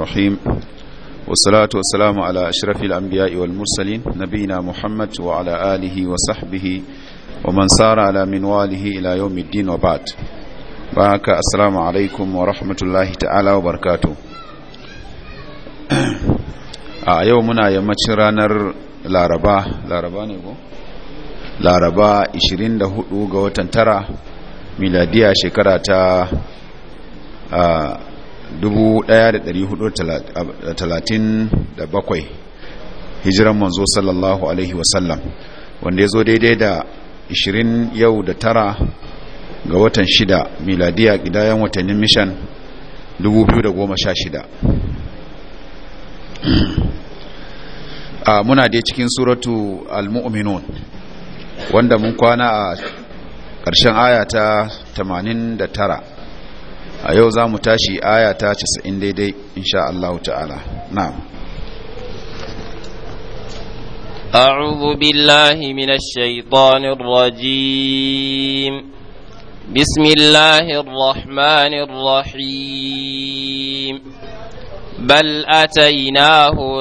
الرحيم والصلاة والسلام على أشرف الأنبياء والمرسلين نبينا محمد وعلى آله وصحبه ومن سار على منواله إلى يوم الدين وبعد بارك السلام عليكم ورحمة الله تعالى وبركاته a yau muna yammacin ranar laraba laraba ne ko laraba 24 ga watan tara miladiya shekara ta 1437 hijiran manzo sallallahu alaihi wasallam wanda ya zo daidai da 20 yau da tara ga watan shida miladiya gidayen watannin mishan 2016 a muna dai cikin suratu al-mu'minun wanda mun kwana a ƙarshen aya ta 89 a yau za mu tashi aya ta 90 daidai insha Allah ta'ala na'am أعوذ بالله من الشيطان الرجيم بسم الله الرحمن الرحيم بل أتيناهم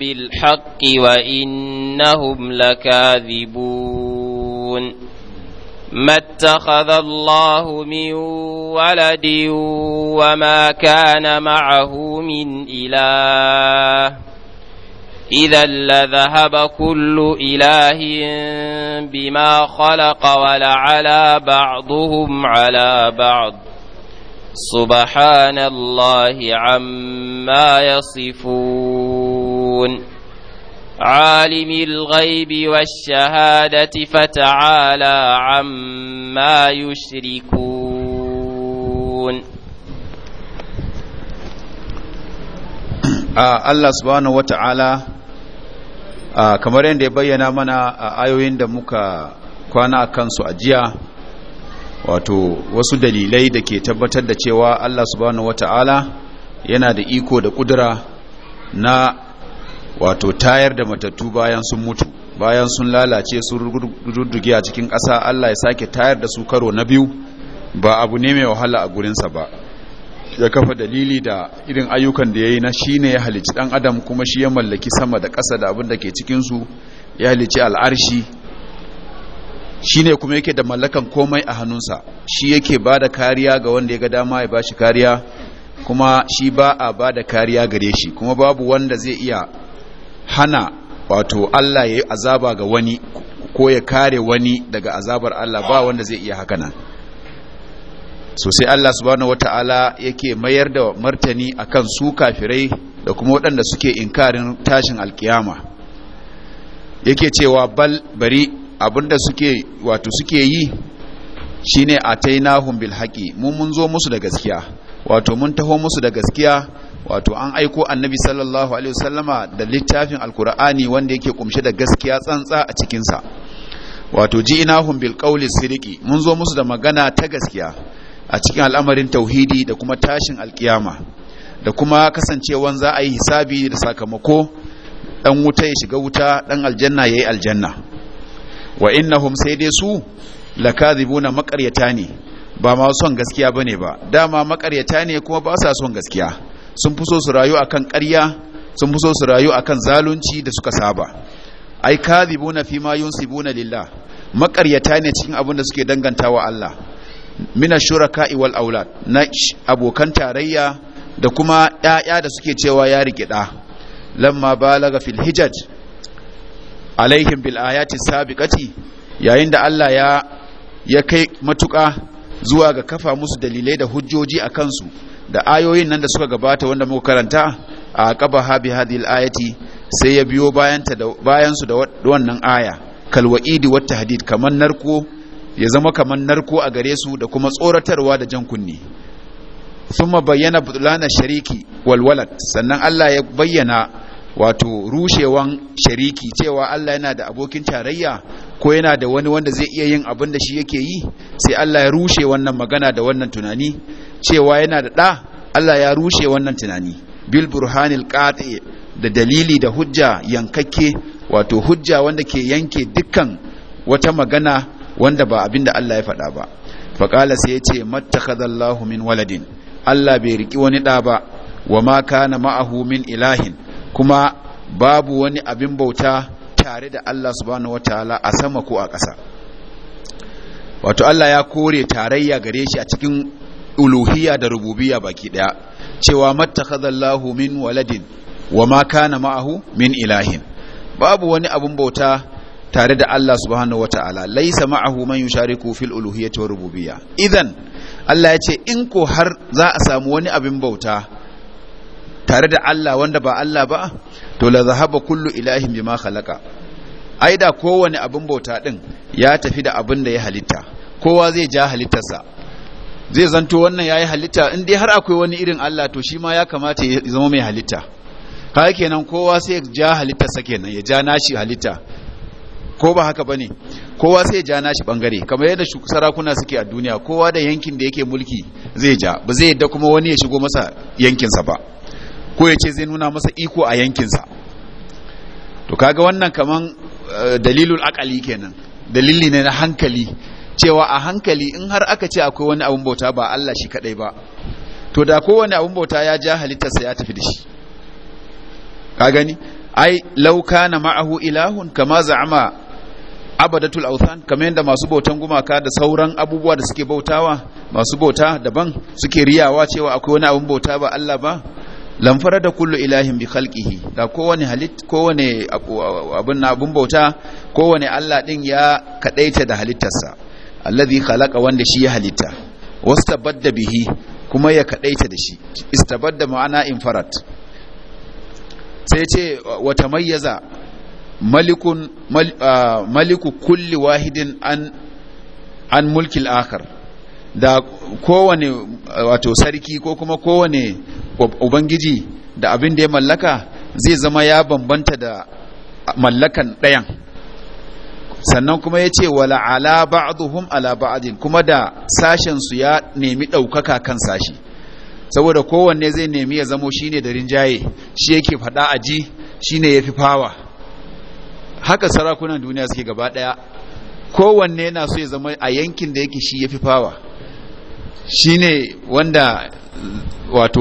بالحق وإنهم لكاذبون ما اتخذ الله من ولد وما كان معه من إله إذا لذهب كل إله بما خلق ولعلى بعضهم على بعض سبحان الله عما يصفون عالم الغيب والشهادة فتعالى عما يشركون ah, Allah سبحانه وتعالى ah, kamar yadda ya bayyana mana a ayoyin da muka kwana a kansu a jiya wato wasu dalilai da ke tabbatar da cewa Allah subhanahu wata'ala yana da iko da kudura na wato tayar da matattu bayan sun mutu bayan sun lalace sun rudduge a cikin ƙasa Allah ya sake tayar da su karo na biyu ba abu ne mai wahala a gurinsa ba ya kafa dalili da irin ayyukan da ya yi na shi ne ya halici ɗan adam kuma shi ya mallaki sama da ƙasa da abin da ke cikinsu ya halici al'arshi shi ne kuma yake da mallakan komai a hannunsa shi yake ba da kariya ga wanda ya ga dama ya ba shi kariya kuma shi ba a ba da kariya gare shi kuma babu wanda zai iya hana wato Allah ya yi azaba ga wani ko ya kare wani daga azabar Allah ba wanda zai iya haka nan so sai Allah subhanahu wata'ala yake mayar da martani akan su kafirai da kuma waɗanda suke inkarin tashin alkiyama yake cewa bal bari abinda suke wato suke yi shine atainahum bil haqi mun mun zo musu da gaskiya wato mun taho musu da gaskiya wato an aiko annabi sallallahu alaihi wasallama da littafin alkur'ani wanda yake kumshe da gaskiya tsantsa a cikinsa wato ji'inahum bil qawli sidiki mun zo musu da magana ta gaskiya a cikin al'amarin tauhidi da kuma tashin alkiyama da kuma kasancewan za a yi hisabi da sakamako dan wuta ya shiga wuta dan aljanna yayi aljanna wa innahum sai dai su lakadhibuna makaryata ne ba ma son gaskiya bane ba dama makaryata ne kuma ba sa son gaskiya sun fi so su rayu akan ƙarya sun fi so su rayu akan zalunci da suka saba ai kadhibuna fi ma yunsibuna lillah makaryata ne cikin abin da suke dangantawa Allah mina shuraka wal aulad na abokan tarayya da kuma ƴaƴa da suke cewa ya da lamma balaga fil hijaj alaihim bil ayati sabiqati yayin da Allah ya ya kai matuƙa zuwa ga kafa musu dalilai da hujjoji a kansu da ayoyin nan da suka gabata wanda muka karanta a kaba habi hadhihi ayati sai ya biyo bayanta da bayan su da wannan aya kalwa'idi wa tahdid kaman narko ya zama kaman narko a gare su da kuma tsoratarwa da jan kunni thumma bayyana butlana shariki walad sannan Allah ya bayyana wato rushewan shariki cewa Allah yana da abokin tarayya ko yana da wani wanda zai iya yin abin da shi yake yi sai Allah ya rushe wannan magana da wannan tunani cewa yana da ɗa Allah ya rushe wannan tunani bil burhanil qati da dalili da hujja yankakke wato hujja wanda ke yanke dukkan wata magana wanda ba abinda Allah ya faɗa ba faƙala sai yace mattakhadallahu min waladin Allah bai riki wani ɗa ba wa ma kana ma'ahu min ilahin kuma babu wani abin bauta tare da Allah subhanahu wataala a sama ko a ƙasa wato Allah ya kore tarayya gare shi a cikin uluhiyya da rububiyya baki daya cewa mattakhadallahu min waladin wama kana ma'ahu min ilahin babu wani abun bauta tare da Allah subhanahu wataala laisa ma'ahu man yushariku fil uluhiyyati war rububiyya idan Allah ya ce in ko har za a samu wani abin bauta tare da Allah wanda ba Allah ba to la zahaba kullu ilahin bima khalaqa aida kowane abin bauta din ya tafi da abin da ya halitta kowa zai ja halittarsa zai zanto wannan ya yi halitta in dai har akwai wani irin Allah to shi ma ya kamata ya zama mai halitta kaga kenan kowa sai ya ja halitta sake nan ya ja nashi halitta ko ba haka bane kowa sai ya ja nashi bangare kamar yadda sarakuna suke a duniya kowa da yankin da yake mulki zai ja ba zai yadda kuma wani ya shigo masa yankinsa ba ko ya ce zai nuna masa iko a yankinsa to kaga wannan kaman eh, dalilul akali kenan dalili ne na hankali cewa a hankali in har aka ce akwai wani abun bauta ba Allah shi kadai ba to da kowane abun bauta ya ja halittarsa ya tafi da shi ka gani ai law kana ma'ahu ilahun kama za'ama abadatul authan kamar yadda masu bautan gumaka da sauran abubuwa da suke bautawa masu bauta daban suke riyawa cewa akwai wani abun bauta ba Allah ba lamfara da kullu ilahin bi khalqihi da kowane halit kowane abun bauta kowane Allah din ya kadaita da halittarsa alladhi khalaqa wanda shi ya halitta wastabadda bihi kuma ya kadaita da shi istabadda ma'ana infarat sai ce wa tamayyaza malikun mal, maliku kulli wahidin an an mulki akhar da kowane wato sarki ko kuma kowane ubangiji da abin da ya mallaka zai zama ya bambanta da mallakan ɗayan sannan kuma ya ce wala ala ba'duhum ala ba'din kuma da sashen su ya nemi ɗaukaka kan sashi saboda kowanne zai nemi ya zamo shine da rinjaye shi yake faɗa a ji shine yafi fawa haka sarakunan duniya suke gaba ɗaya kowanne yana so ya zama a yankin da yake shi yafi fawa shine wanda wato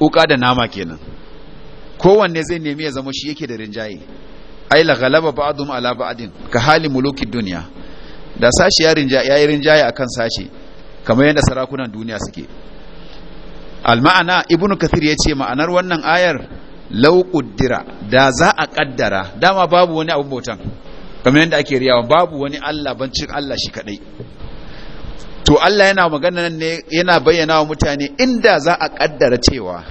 wuka da nama kenan kowanne zai nemi ya zama shi yake da rinjaye ai la galaba ba'dhum ala ba'din ka hali muluki dunya da sashi ya rinja yayi rinjaye akan sashi kamar yadda sarakunan duniya suke al ma'ana ibnu kathir yace ma'anar wannan ayar law quddira da za a kaddara dama babu wani abu bautan kamar yadda ake riyawa babu wani Allah bancin Allah shi kadai to Allah yana magana ne yana bayyana wa mutane inda za a kaddara cewa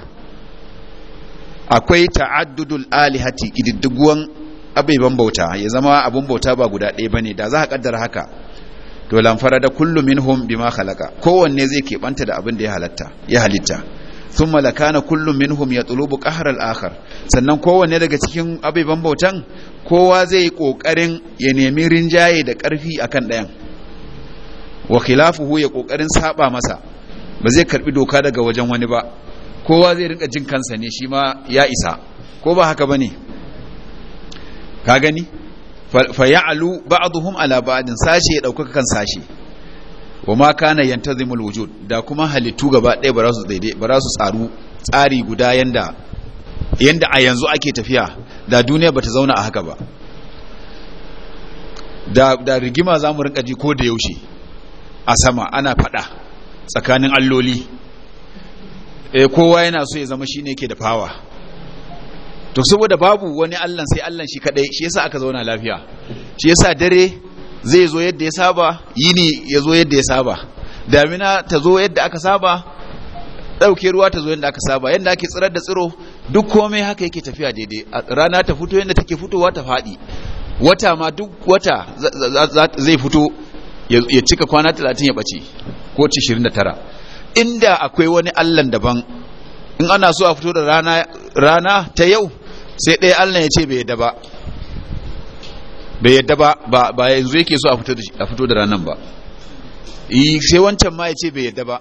akwai ta'addudul alihati kididduguwan ban bauta ya zama abun bauta ba guda ɗaya bane da za a kaddara haka to lamfara da kullu minhum bima khalaqa kowanne zai keɓanta da abin da ya halatta ya halitta thumma lakana kullu minhum yatlubu qahra al-akhar sannan kowanne daga cikin ban bautan kowa zai kokarin ya nemi rinjaye da karfi akan ɗayan wa khilafuhu ya kokarin saba masa ba zai karbi doka daga wajen wani ba kowa zai rinka jin kansa ne shi ma ya isa ko ba haka bane ka gani fa ya'lu ba'dhum ala ba'din sashi ya dauka kan sashi ma kana yantazimul wujud da kuma halittu gaba ɗaya ba su daidai ba su tsaru tsari guda yanda yanda a yanzu ake tafiya da duniya bata zauna a haka ba da da rigima zamu rinka ji ko da yaushe a sama ana fada tsakanin alloli eh kowa yana so ya zama shine yake da fawa to saboda babu wani allan sai allan shi kadai shi yasa aka zauna lafiya shi yasa dare zai zo yadda ya saba yini ya zo yadda ya saba damina ta zo yadda aka saba dauke ruwa ta zo yadda aka saba yadda ake tsirar da tsiro duk komai haka yake tafiya daidai rana ta fito yadda take fitowa ta faɗi wata ma duk wata zai fito ya cika kwana 30 ya bace ko 29 inda akwai wani allan daban in ana so a fito da rana ta yau sai ɗaya allah ya ce bai yadda ba bai yadda ba ba yanzu yake so a fito da ranar ba sai wancan ma ya ce bai yadda ba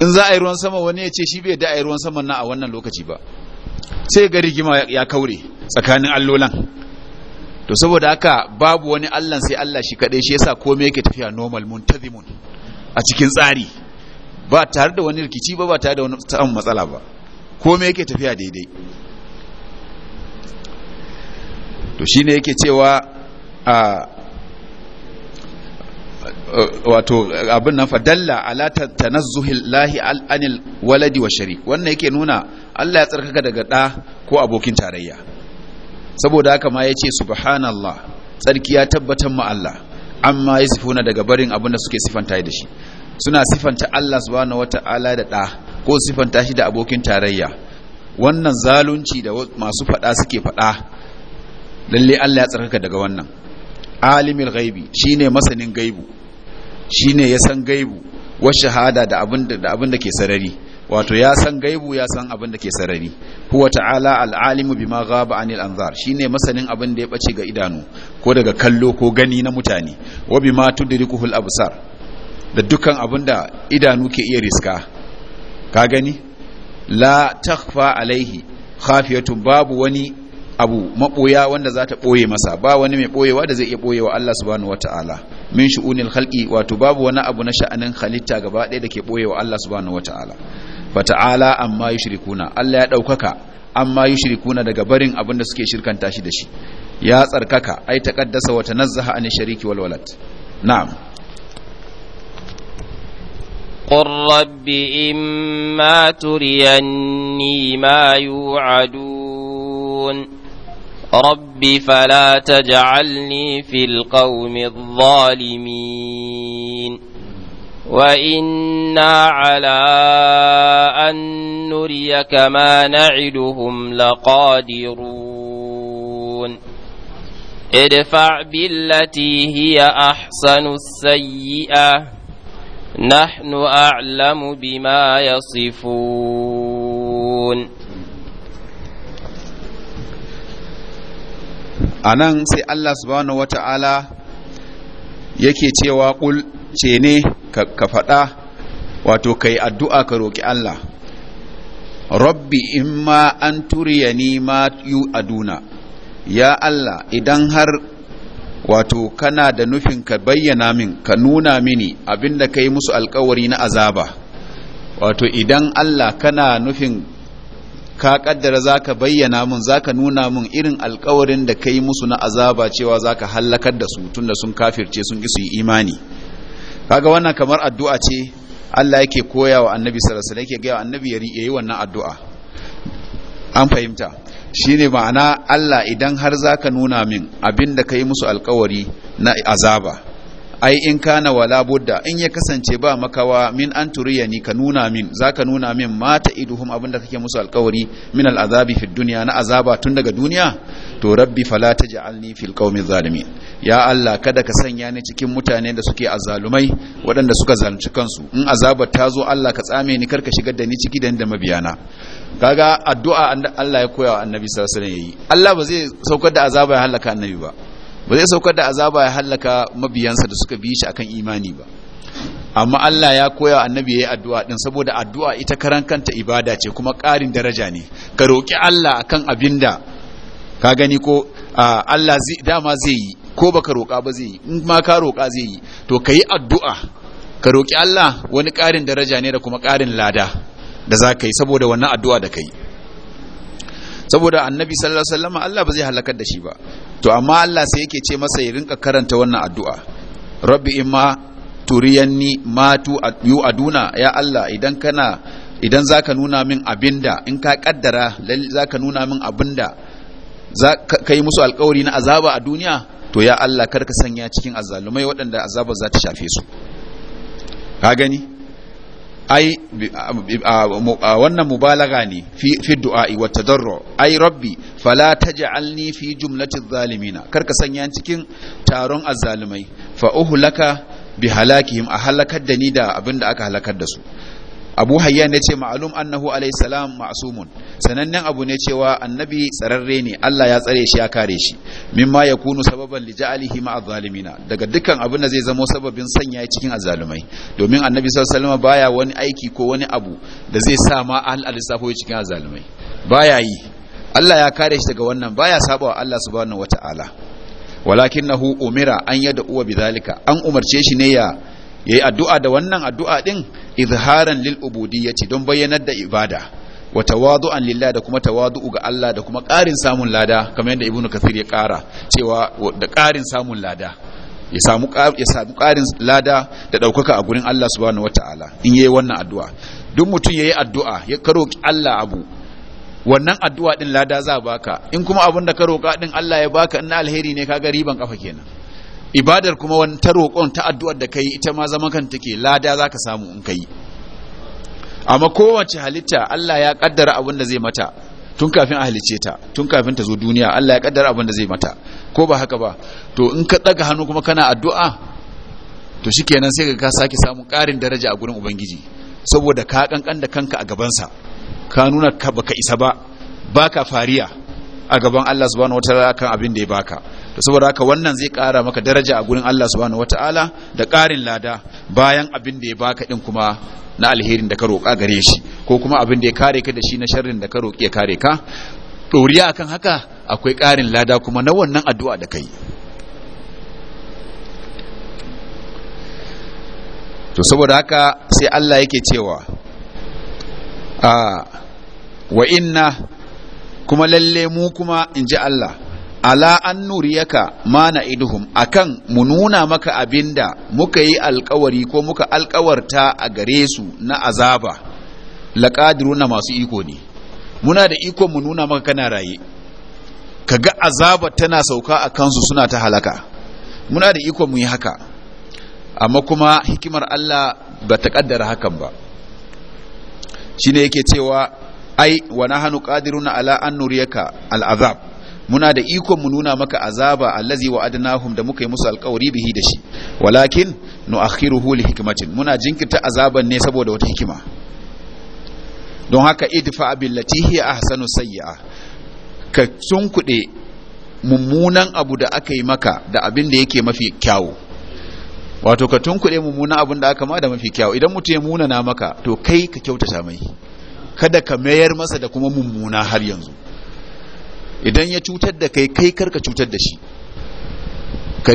in za a yi ruwan sama wani ya ce shi bai yadda a yi ruwan sama na a wannan lokaci ba sai ga rigima ya kaure tsakanin allolan to saboda haka babu wani Allah sai allah shi kaɗai shi yasa komai yake tafiya normal muntazimun a cikin tsari ba tare da wani rikici ba ba tare da wani samun matsala ba komai yake tafiya daidai to shi ne yake cewa a wato abin nan fadalla ala tanazzuhillahi anil waladi wa shari wannan yake nuna Allah ya tsarkaka daga da ko abokin tarayya saboda haka ma yace subhanallah tsarki ya tabbatar ma Allah amma yasifuna daga barin abin da suke sifanta da shi suna sifanta Allah subhanahu wata'ala da da ko sifanta shi da abokin tarayya wannan zalunci da masu fada suke fada lalle Allah ya tsarkaka daga wannan alimul ghaibi shine masanin gaibu shine ya san gaibu wa shahada da abin da abin ke sarari wato ya san gaibu ya san abin da ke sarari huwa ta'ala al'alimu bima ghaba anil anzar shine masanin abin da ya bace ga idanu ko daga kallo ko gani na mutane wa bima tudrikuhul absar da dukkan abin da idanu ke iya riska ka gani la takfa alaihi khafiyatu babu wani abu maboya wanda za ta boye masa ba wani mai ɓoyewa da zai iya wa Allah subhanahu wataala min shu'unil khalqi wato babu wani abu na sha'anin halitta gaba ɗaya da ke wa Allah subhanahu wataala ta'ala amma yushrikuna Allah ya daukaka amma yushrikuna daga barin abin da suke shirkanta shi da shi ya tsarkaka ai taqaddasa wa tanazzaha an shariki wal walad na'am قل رب إما تريني ما يوعدون رب فلا تجعلني في القوم الظالمين وإنا على أن نريك ما نعدهم لقادرون ادفع بالتي هي أحسن السيئة نحن أعلم بما يصفون a nan sai Allah subhanahu wata'ala yake cewa kul ne ka faɗa wato kai addu'a ka roƙi Allah rabbi in ma an ni ma yu aduna ya Allah idan har wato kana da nufin ka bayyana min ka nuna mini abinda ka yi musu alkawari na azaba wato idan Allah kana nufin ka kaddara zaka bayyana mun zaka nuna mun irin alkawarin da kai musu na azaba cewa zaka hallakar da su tunda sun kafirce sun ki su yi imani kaga wannan kamar addu'a ce Allah yake koya wa annabi sallallahu alaihi wasallam yake ga annabi yayi wannan addu'a an fahimta shine ma'ana Allah idan har zaka nuna min abinda kai musu alkawari na azaba ai in kana wala budda in ya kasance ba makawa min an ni ka nuna min zaka nuna min mata iduhum abinda kake musu alkawari min al'azabi fi dunya na azaba tun daga duniya to rabbi fala taj'alni fil qaumi zalimin ya Allah kada ka sanya ni cikin mutane da suke azalumai waɗanda suka zalunci kansu in azabar ta zo Allah ka tsame ni karka shigar da ni ciki da mabiyana kaga addu'a Allah ya koya wa annabi sallallahu alaihi wasallam yayi Allah ba zai saukar da azaba ya halaka annabi ba ba zai saukar da azaba ya halaka mabiyansa da suka bi shi akan imani ba amma Allah ya koya annabi yayi addu'a din saboda addu'a ita karan kanta ibada ce kuma ƙarin daraja ne ka roki Allah akan abinda ka gani ko Allah zai dama zai yi ko baka roka ba zai yi in ma ka roka zai yi to kayi addu'a ka roki Allah wani ƙarin daraja ne da kuma ƙarin lada da za ka yi saboda wannan addu'a da ka yi saboda annabi sallallahu alaihi wasallam Allah ba zai halakar da shi ba to amma Allah sai yake ce masa ya rinka karanta wannan addu'a rabbi imma turiyanni ma tu aduna ya Allah idan kana idan zaka nuna min abinda in ka kaddara zaka nuna min abinda za ka yi musu alkawari na azaba a duniya to ya Allah ka sanya cikin azzalumai waɗanda azaba za ta shafe su ka gani ai wannan mubalaga ne fi du'a'i wa tadarru ai rabbi fala taj'alni fi jumlatiz zalimina karka sanya cikin taron azzalimai fa uhlaka bi halakihim a halakar da ni da abinda aka halakar da su abu hayyan ya ce ma'alum annahu alayhi salam ma'sumun sanannen abu ne cewa annabi tsararre ne Allah ya tsare shi ya kare shi mimma yakunu sababan li ja'alihi ma'a zalimina daga dukkan abin da zai zama sababin sanya cikin azzalumai domin annabi sallallahu alaihi baya wani aiki ko wani abu da zai sa ma al alisafo cikin azzalumai baya yi Allah ya kare shi daga wannan baya sabawa Allah subhanahu wata'ala walakinahu umira an yad'u bi zalika an umarce shi ne ya yayi addu'a da wannan addu'a din izharan lil ubudiyyati don bayyanar da ibada wa tawadu'an lillahi da kuma tawadu'u ga Allah da kuma ƙarin samun lada kamar yadda ibnu kathir ya ƙara cewa da ƙarin samun lada ya samu ya samu ƙarin lada da ɗaukaka a gurin Allah subhanahu wataala in yayi wannan addu'a duk mutum yayi addu'a ya karoki Allah abu wannan addu'a din lada za baka in kuma abin da ka roka din Allah ya baka in alheri ne kaga riban kafa kenan ibadar kuma wani ta roƙon ta addu'ar da ka yi ita ma zama kan take lada za ka samu in ka yi amma kowace halitta Allah ya kaddara abin da zai mata tun kafin a halice ta tun kafin ta zo duniya Allah ya kaddara abin da zai mata ko ba haka ba to in ka ɗaga hannu kuma kana addu'a to kenan sai ka sake samun ƙarin daraja a gurin ubangiji saboda ka kankan da kanka a gabansa ka nuna ka baka isa ba baka fariya a gaban Allah subhanahu wataala kan abin da ya baka to saboda haka wannan zai kara maka daraja a gurin Allah subhanahu wataala da karin lada bayan abin da ya baka din kuma na alherin da ka roƙa gare shi ko kuma abin da ya kare ka da shi na sharrin da ka roƙi ya kare ka ɗoriya akan haka akwai karin lada kuma na wannan addu'a da kai to saboda haka sai Allah yake cewa a ah, wa inna kuma lalle mu kuma in ji Allah ala an nuriyaka ma iduhum akan mu nuna maka abinda muka yi alkawari ko muka alkawarta a gare su na azaba laƙadiruna masu iko ne muna da iko mu nuna maka kana raye kaga azaba tana sauka a kansu suna ta halaka muna da iko mu yi haka amma kuma hikimar Allah ba ta kaddara hakan ba shine yake cewa ai wa nahnu qadiruna ala an nuriyaka al'azab muna da ikon mu nuna maka azaba allazi adnahum da muka yi musu alƙawari bihi da shi walakin nu'akhiruhu li hikmatin muna jinkirta azaban ne saboda wata hikima don haka idfa billati hi ahsanu sayyi'a ka tunkuɗe mummunan abu da aka yi maka da abin da yake mafi kyawu wato ka tunkuɗe mummunan abin da aka ma da mafi kyawu idan mutum ya munana maka to kai ka kyautata mai kada ka mayar masa da kuma mummuna har yanzu idan ya cutar da kai kai karka cutar da shi ka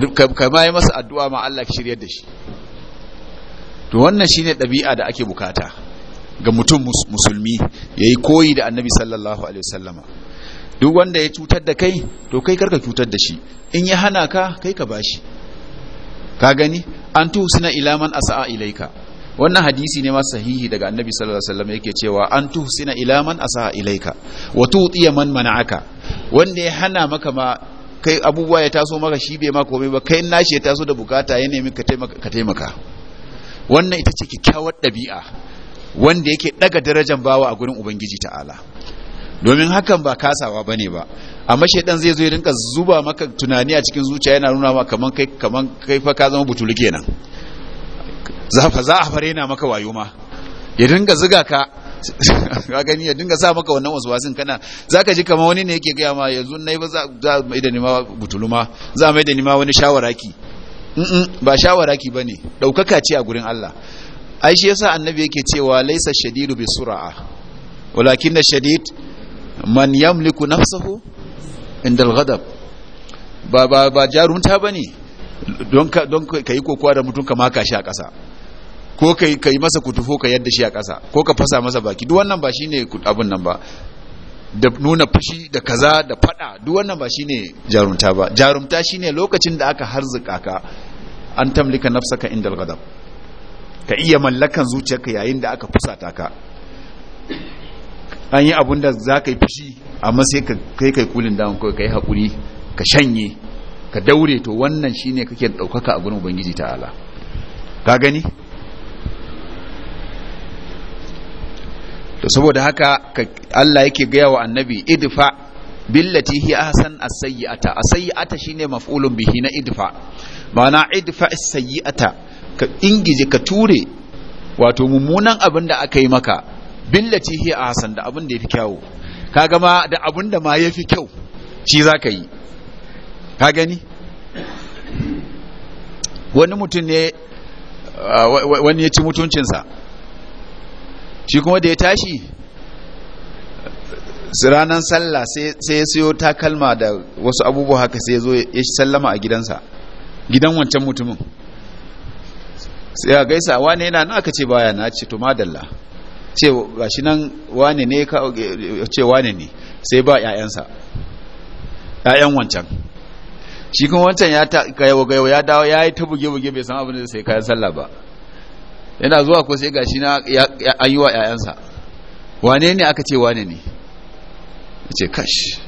yi masa addu'a ma Allah ki shiryar da shi to wannan shi ne ɗabi'a da ake bukata ga mutum musulmi ya yi koyi da annabi sallallahu alaihi wasallama duk wanda ya cutar da kai to kai karka cutar da shi in ya hana ka kai ka bashi ka gani an ilaman ila man asa'a ilaika wannan hadisi ne ma sahihi daga annabi sallallahu alaihi wasallam yake cewa an tuhsina ila man asaa ilaika wa tu'tiya man mana'aka wanda ya hana maka ma kai abubuwa ya taso maka shi bai ma komai ba kai na nashi ya taso da bukata ya nemi ka taimaka ka taimaka wannan ita ce kyakkyawar dabi'a wanda yake daga darajar bawa a gurin ubangiji ta'ala domin hakan ba kasawa bane ba amma shaidan zai zo ya rinka zuba maka tunani a cikin zuciya yana nuna maka kaman kai kaman kai fa ka zama butulu kenan za a fara yana maka wayo ma ya dinga ziga ka ga gani ya dinga sa maka wannan waswasin kana ka ji kama wani ne yake gaya ma yanzu nayi ba za a mai da nima butuluma za mai da nima wani shawaraki ba shawaraki ne daukaka ce a gurin Allah ai shi yasa annabi yake cewa laisa shadidu bi sura'a. walakin shadid man yamliku nafsahu inda al-ghadab ba ba ba jarumta bane don ka don kokowa da mutum ka shi a ƙasa ko kai kai masa kutufo ka yadda shi a ƙasa ko ka fasa masa baki duk wannan ba shine abun nan ba da nuna fushi da kaza da faɗa. duk wannan ba shine jarumta ba jarumta shine lokacin da aka harzuka ka an tamlika nafsaka indal ghadab ka iya mallakan zuciyarka yayin da aka fusata ka an yi abun da za ka yi fushi amma sai ka kai kai kulin down kai kai hakuri ka shanye ka daure to wannan shine kake ɗaukaka a gurin ubangiji ta'ala ka gani to saboda haka Allah yake gaya wa annabi idfa billati hi ahsan as-sayyi'ata as-sayyi'ata shine maf'ulun bihi na idfa ma'ana idfa as-sayyi'ata ka ingije ka ture wato mummunan abin da aka yi maka billati hi ahsan da abin da yafi kyau kaga ma da abin da ma yafi kyau shi zaka yi ka gani wani mutum ne wani ya ci mutuncinsa shi kuma da ya tashi ranar sallah sai ya siyo takalma da wasu abubuwa haka sai ya zo ya sallama a gidansa gidan wancan mutumin sai ya gaisa wane yana na aka ce baya na ce to madalla ce shi nan wane ne ce wane ne sai ba 'ya'yansa 'ya'yan wancan shi kuma wancan ya ta kayawa ya dawo ya yi ta buge-buge bai san abin da sai kayan sallah ba yana zuwa ko sai gashi na an yi wa ‘ya'yansa wane ne aka ce wane ne ya ce kash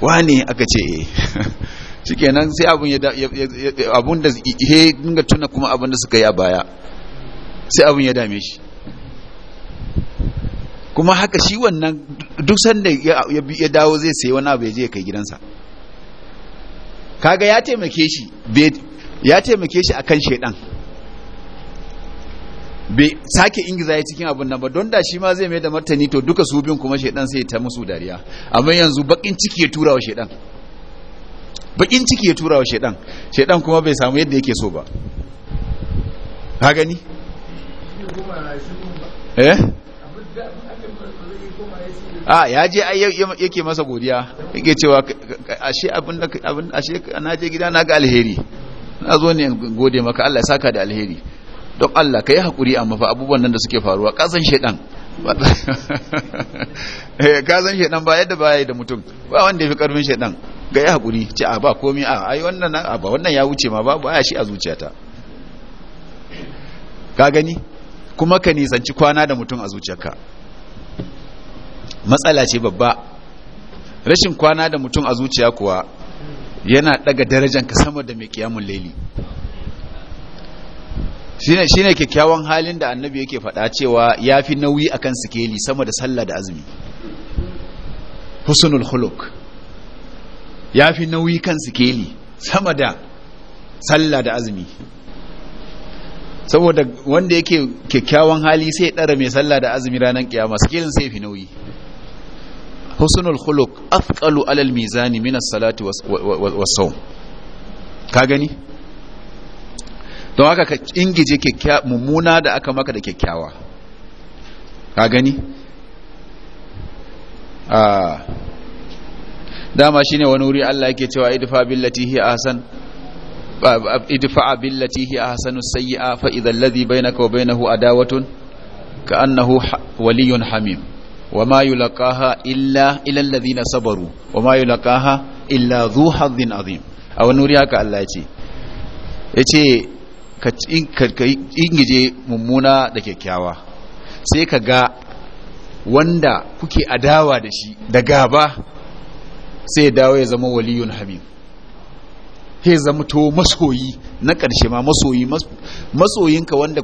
wane aka ce e shikenan sai abun da he dinga tuna kuma abun da suka yi a baya sai abun ya dame shi kuma haka shi wannan duk sanda ya dawo zai sai wani abu ya je kai gidansa kaga ya taimake shi ya taimake shi akan shedan bai sake ingiza ya cikin abin nan ba don da shi ma zai mai da martani to duka su biyun kuma shaidan sai ta musu dariya amma yanzu bakin ciki ya tura wa shaidan bakin ciki ya tura wa shaidan shaidan kuma bai samu yadda yake so ba ka gani eh a ya je yake masa godiya yake cewa ashe abin abin ashe na je gida na ga alheri na zo ne gode maka Allah ya saka da alheri don Allah ka yi haƙuri amma fa abubuwan nan da suke faruwa kasan shaidan eh, kasan shaidan ba yadda ba da mutum ba wanda ya fi ƙarfin shaidan ga yi haƙuri ce a ba komi a ai wannan a ba wannan ya wuce ma babu aya shi a zuciyata ka gani kuma ka nisanci kwana da mutum a zuciyarka matsala ce babba rashin kwana da mutum a zuciya kuwa yana daga darajanka sama da mai kiyamun laili shine shine kyakkyawan halin da annabi yake faɗa cewa yafi nauyi akan sikeli sama da sallah da azumi husnul khuluq yafi nauyi kan sikeli sama da sallah da azumi saboda wanda yake kyakkyawan hali sai ɗara mai sallah da azumi ranar kiyama sikelin sai fi nauyi husnul khuluq afqalu alal mizani minas salati was sawm ka gani don haka ka ingije mummuna da aka maka da kyakkyawa ka gani a ah. dama shine wani wuri Allah yake cewa idfa billati hi ahsan idfa billati hi ahsanu sayyi'a fa idha alladhi bainaka wa bainahu adawatun ka annahu waliyyun hamim wama yulqaha illa ila alladhina sabaru wama yulqaha illa dhu hadhin azim a wani wuri haka Allah ya ce yace ka ingije mummuna da kyakkyawa sai ka ga wanda kuke adawa da shi da gaba sai ya dawo ya zama waliyun habib sai zama to masoyi na ƙarshe ma masoyi masoyinka wanda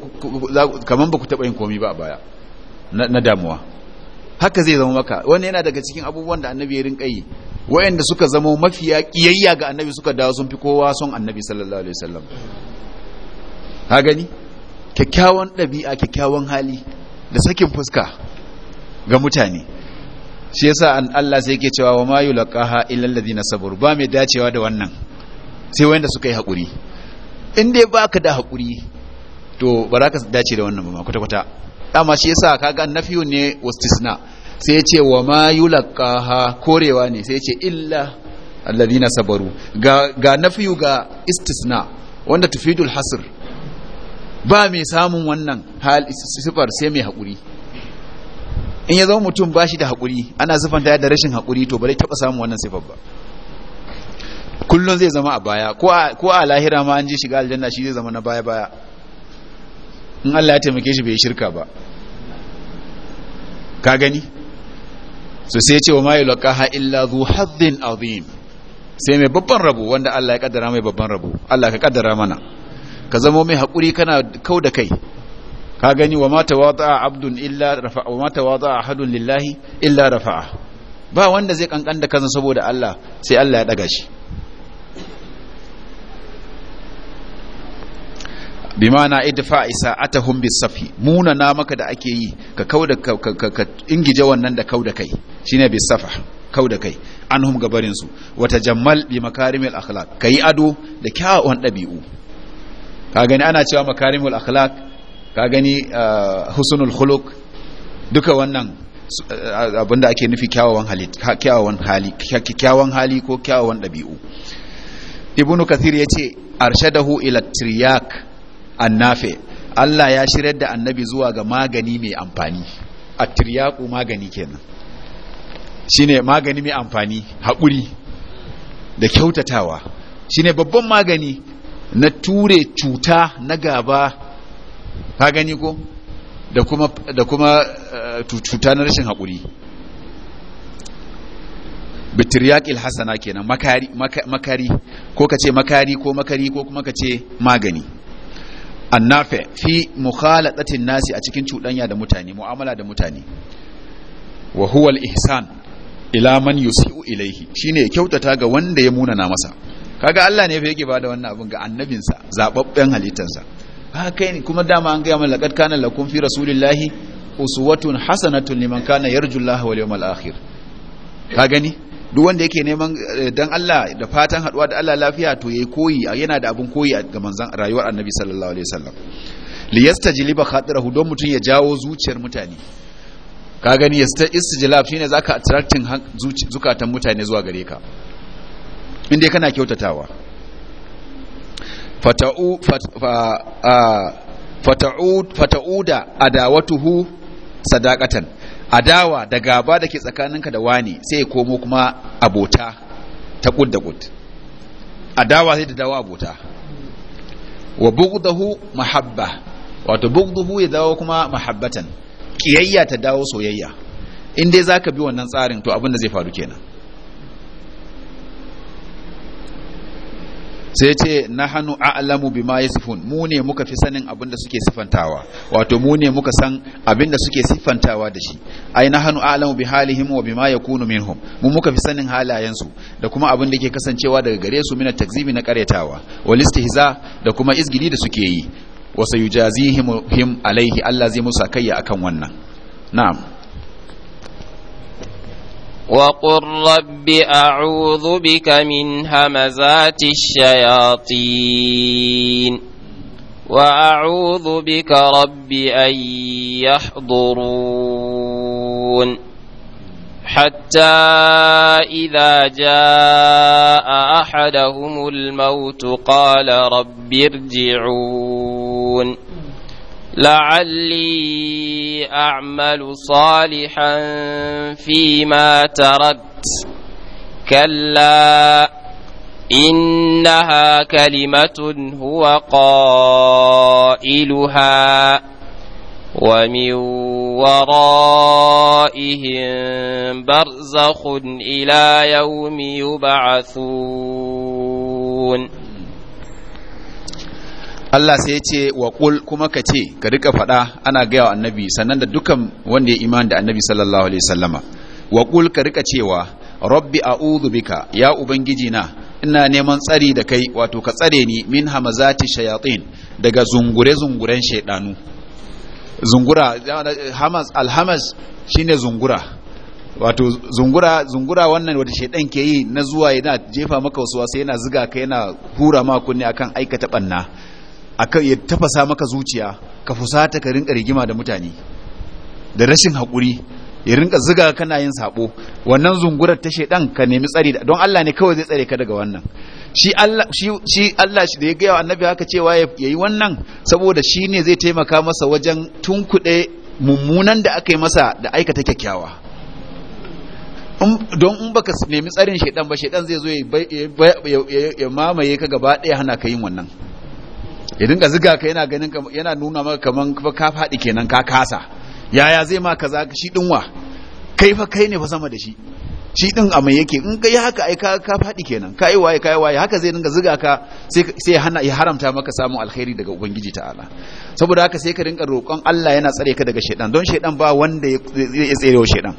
kamar ba ku taɓa yin komi ba a baya na damuwa haka zai zama maka wani yana daga cikin abubuwan da annabi ya rinka yi wayanda suka zama mafiya kiyayya ga annabi suka dawo sun fi kowa son annabi sallallahu alaihi wasallam ha gani kyakkyawan ɗabi'a kyakkyawan hali da sakin fuska ga mutane shi yasa an Allah sai yake cewa wa ma yulqaha illa alladhina sabaru ba mai dacewa da wannan sai wanda suka yi hakuri in dai baka da hakuri to ba za ka dace da wannan ba kwata kwata amma shi yasa kaga annafiyu ne wastisna sai yace wa ma yulqaha korewa ne sai yace illa alladhina sabaru ga ga nafiyu ga istisna wanda tufidul hasr ba mai samun wannan sifar sai mai hakuri. in ya zama mutum ba shi da hakuri ana siffanta da rashin hakuri to ba zai taɓa samun wannan sifar ba kullum zai zama a baya ko a lahira ma an ji shiga aljanna shi zai zama na baya baya in Allah ya taimake shi bai shirka ba ka gani so sai ce wa ma yulqaha illa zu hadin azim sai mai babban rabo wanda Allah ya kaddara mai babban rabo Allah ka kaddara mana ka zama mai haƙuri kana kau da kai ka gani wa mata wada'a abdun illa rafa'a wa mata wada'a hadun lillahi illa rafa'a ba wanda zai kankan da kansa saboda Allah sai Allah ya daga shi bimana idfa isa'atahum bisafi muna na maka da ake yi ka da ka ingije wannan da da kai shine bisafa da kai anhum gabarin su wata jammal bi makarimil akhlaq kai ado da kyawawan dabi'u ka gani ana cewa makarimul akhlaq ka gani ah, husnul khuluq duka wannan ah, abinda ake nufi kyawawan hali kyawawan hali kyawawan hali ko kyawawan dabi'u ibnu kathir yace arshadahu ila triyak annafi Allah ya shirar da annabi zuwa ga magani mai amfani a triyaku magani kenan shine magani mai amfani haƙuri da kyautatawa shine babban magani na ture cuta na gaba ka gani ko da kuma da kuma eh, cuta na rashin hakuri bitriyakil hasana kenan makari makari ko kace makari ko makari ko kuma kace magani annafe fi mukhalatatin nasi a cikin cuɗanya da mutane mu'amala da mutane wa huwa ihsan ila man yusi'u ilaihi shine kyautata ga wanda ya munana masa kaga Allah ne fa yake bada wannan abin ga annabinsa zababben halittarsa ba kai ne kuma dama an gaya mana laqad kana lakum fi rasulillahi uswatun hasanatun liman kana yarjullaha wal yawmal akhir ka gani duk wanda yake neman eh, dan Allah da fatan haduwa da Allah lafiya to yayi koyi yana da abin koyi ga manzon rayuwar annabi sallallahu alaihi wasallam li yastajliba khatirahu don mutun ya jawo zuciyar mutane ka gani yasta istijlab shine zaka attracting zukatan mutane zuwa gare ka inda kana kyautatawa fata'u fata'uda adawatuhu sadaqatan adawa da gaba da ke tsakaninka da wani sai ya komo kuma abota ta kud da kud adawa sai da dawo abota wa bugdahu mahabba wato bugdahu ya dawo kuma mahabbatan kiyayya ta dawo soyayya in dai zaka bi wannan tsarin to abin da zai faru kenan sai ce na nahanu a'lamu bima yasifun mu ne muka fi sanin abin da suke sifantawa wato mu ne muka san abin da suke sifantawa da shi ai nahanu a'lamu bi halihim wa bima yakunu minhum mu muka fi sanin halayensu da kuma abin da ke kasancewa daga gare su min takzibi na karyatawa wal istihza da kuma izgili da suke yi wa sayujazihim alaihi Allah zai musa kayya akan wannan na'am وقل رب أعوذ بك من همزات الشياطين وأعوذ بك رب أن يحضرون حتى إذا جاء أحدهم الموت قال رب ارجعون لعلي أعمل صالحا فيما تركت كلا إنها كلمة هو قائلها ومن ورائهم برزخ إلى يوم يبعثون Allah sai ya ce wa kul kuma ka ce ka rika faɗa ana gaya wa annabi sannan da dukan wanda ya iman da annabi sallallahu alaihi wasallama wa kul ka rika cewa rabbi a'udhu bika ya ubangiji na ina neman tsari da kai wato ka tsare ni min hamazati shayatin daga zungure zunguren shaydanu zungura hamas alhamas shine zungura wato zungura zungura wannan wata shaidan ke yi na zuwa yana jefa maka wasu wasu yana ziga ka yana hura ma kunne akan aikata banna akan ya tafasa maka zuciya ka fusata ka rinka rigima da mutane da rashin haƙuri ya rinka ziga kana yin sabo wannan zungurar ta shedan ka nemi tsari da don Allah ne kawai zai tsare ka daga wannan shi Allah shi shi Allah shi da ya gaya annabi haka cewa yayi wannan saboda shi ne zai taimaka masa wajen tunkuɗe mummunan da aka yi masa da aikata kyakkyawa don in baka nemi tsarin shedan ba shedan zai zo ya mamaye ka gaba ɗaya hana ka yin wannan ya dinga ziga ka yana ganin yana nuna maka kaman ka fadi kenan ka kasa yaya zai ma kaza shi dinwa kai fa kai ne fa sama da shi shi din a mai yake in ya haka ai ka ka fadi kenan ka yi waye ka yi waye haka zai dinga ziga ka sai sai ya haramta maka samun alkhairi daga ubangiji ta'ala saboda haka sai ka dinga roƙon Allah yana tsare ka daga shedan don shedan ba wanda ya tsere wa shedan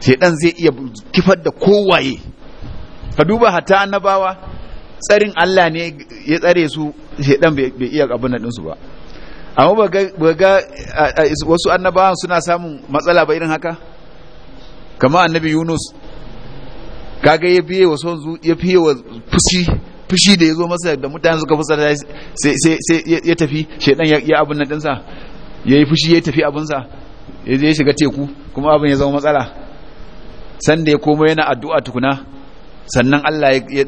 shedan zai iya kifar da kowaye ka duba hatta annabawa tsarin Allah ne ya tsare su shaidan bai iya abin nan ba amma ba ga wasu annabawan suna samun matsala ba irin haka kama annabi Yunus kaga ya biye wa son ya fiye wa fushi fushi da ya zo masa da mutane suka fusa sai sai ya tafi shaidan ya abin nan dinsa yi fushi ya tafi abinsa ya shiga teku kuma abin ya zama matsala sanda ya komo yana addu'a tukuna sannan Allah ya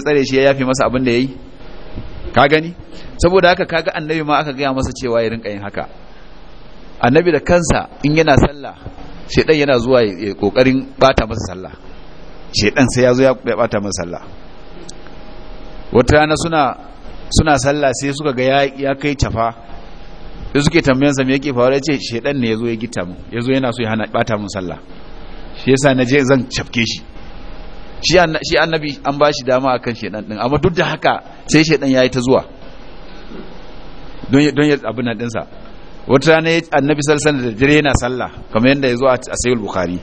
tsare shi ya yafe masa abin da ya yi, ka gani saboda haka kaga annabi ma aka gaya masa cewa ya rinka yin haka annabi da kansa in yana sallah shedan yana zuwa ya kokarin bata masa sallah shedan sai ya zo ya bata masa sallah wata rana suna suna sallah sai suka ga ya kai cafa sai suke tambayan sa me yake faruwa yace shedan ne yazo ya gita mu yazo yana so ya hana bata mun sallah shi yasa naje zan cafke shi shi annabi an ba shi dama akan shedan din amma duk da haka sai shedan yayi ta zuwa don don ya abin nan dinsa wata rana annabi sallallahu alaihi wasallam da dare yana sallah kamar yanda yazo a sahih bukhari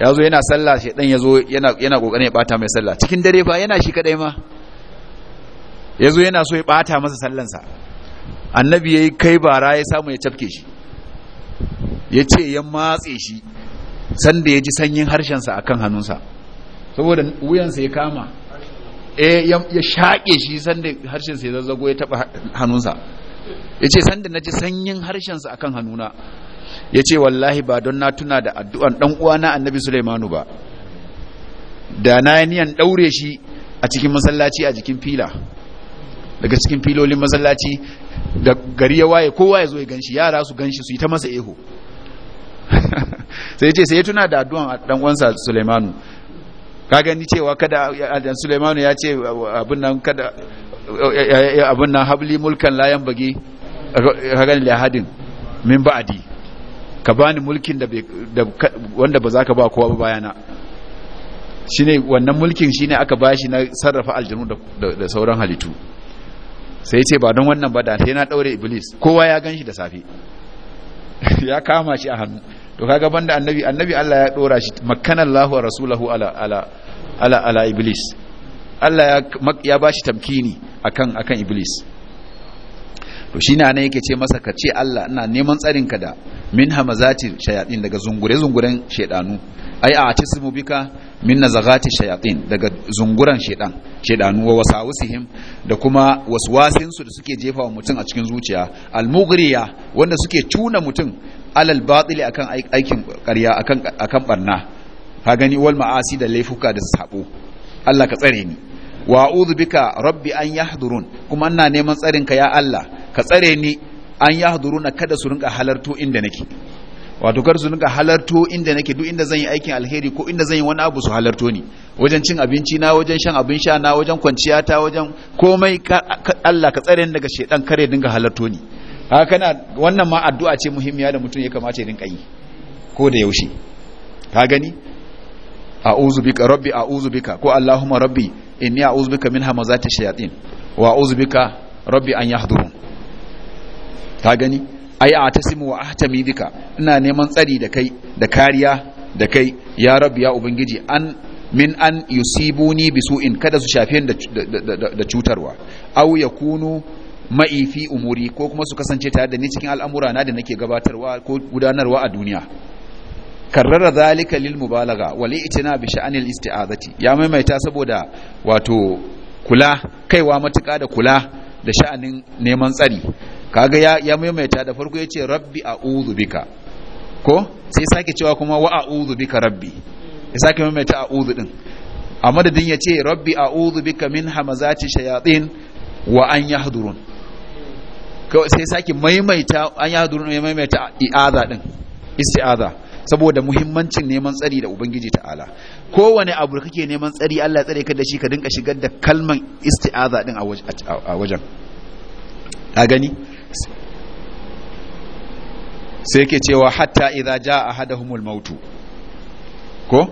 yazo yana sallah shedan yazo yana yana kokarin ya bata mai sallah cikin dare ba yana shi kadai ma yazo yana so ya bata masa sallansa annabi yayi kai bara ya samu ya tafke shi yace ya matse shi sanda ya ji sanyin harshensa akan hannunsa saboda wuyansa ya kama eh, ya shaƙe shi sanda harshensa ya zazzago ya taɓa hannunsa ya ce sanda na ji sanyin harshensa akan hannuna ya ce wallahi ba don na tuna da addu'an ɗan na annabi Sulaimanu ba da na niyan ɗaure shi a cikin masallaci a jikin fila daga cikin filolin masallaci da gari ya waye kowa ya zo ya ganshi yara su ganshi su yi ta masa eho sai ce sai ya tuna da addu'an ɗan’uwansa uwansa Sulaimanu ka gani cewa kada Aljan Sulaimanu ya ce abin nan kada abin nan habli mulkan layan bage hagan lahadin min ba'adi ka bani mulkin da wanda ba za ka ba kowa ba bayana ne wannan mulkin shi ne aka bashi na sarrafa aljanu da sauran halittu sai ce ba don wannan ba da sai na daure iblis kowa ya ganshi da safe ya kama shi a hannu to kaga banda annabi annabi Allah ya dora shi makanallahu wa rasulahu ala ala ala ala iblis Allah ya ya bashi tamkini akan akan iblis to shine ne yake ce masa ka ce Allah ina neman tsarin ka da min hamazati shayatin daga zungure zunguren shedanu ai a tasmu bika min nazagati shayatin daga zunguren shedan shedanu wa wasawusihim da kuma waswasinsu da suke jefa wa mutum a cikin zuciya almugriya wanda suke tuna mutum alal batili akan aikin ƙarya akan ɓarna barna ha gani wal ma'asi da laifuka da sabo Allah ka tsare ni wa uzu bika rabbi an yahdurun kuma ina neman tsarin ka ya Allah ka tsare ni an yahduruna kada su rinka halarto inda nake wato kada su rinka halarto inda nake duk inda zan yi aikin alheri ko inda zan yi wani abu su halarto ni wajen cin abinci na wajen shan abin sha na wajen kwanciya ta wajen komai Allah ka tsare ni daga shedan kare dinga halarto ni haka na wannan ma addu'a ce muhimmiya da mutum ya kamata ya rinka yi ko da yaushe ka gani a'udhu bika rabbi a'udhu bika ko allahumma rabbi inni a'udhu bika min hamazati shayatin wa a'udhu bika rabbi an haduru. ka gani ai a'tasimu wa ahtami bika ina neman tsari da kai da kariya da kai ya rabbi ya ubangiji an min an yusibuni bisu'in kada su shafe da cutarwa aw yakunu Ma'ifi umuri ko kuma su kasance tare da ni cikin al'amura na da nake gabatarwa ko gudanarwa a duniya karrara zalika lil mubalaga wal i'tina bi sha'anil isti'azati ya maimaita saboda wato kula kaiwa matuka da kula da sha'anin neman tsari kaga ya, ya maimaita da farko yace rabbi a'udhu bika ko sai sake cewa kuma wa a'udhu bika rabbi ya sake maimaita a'udhu din a madadin yace rabbi a'udhu bika min hamazati shayatin wa an yahdurun kawai sai sake maimaita an ya haɗu ya maimaita i'aza din isti'aza saboda muhimmancin neman tsari da ubangiji ta'ala kowane abu kake neman tsari Allah ya tsare ka da shi ka dinka shigar da kalman isti'aza din a wajen a gani sai yake cewa hatta idza jaa ahaduhumul mautu ko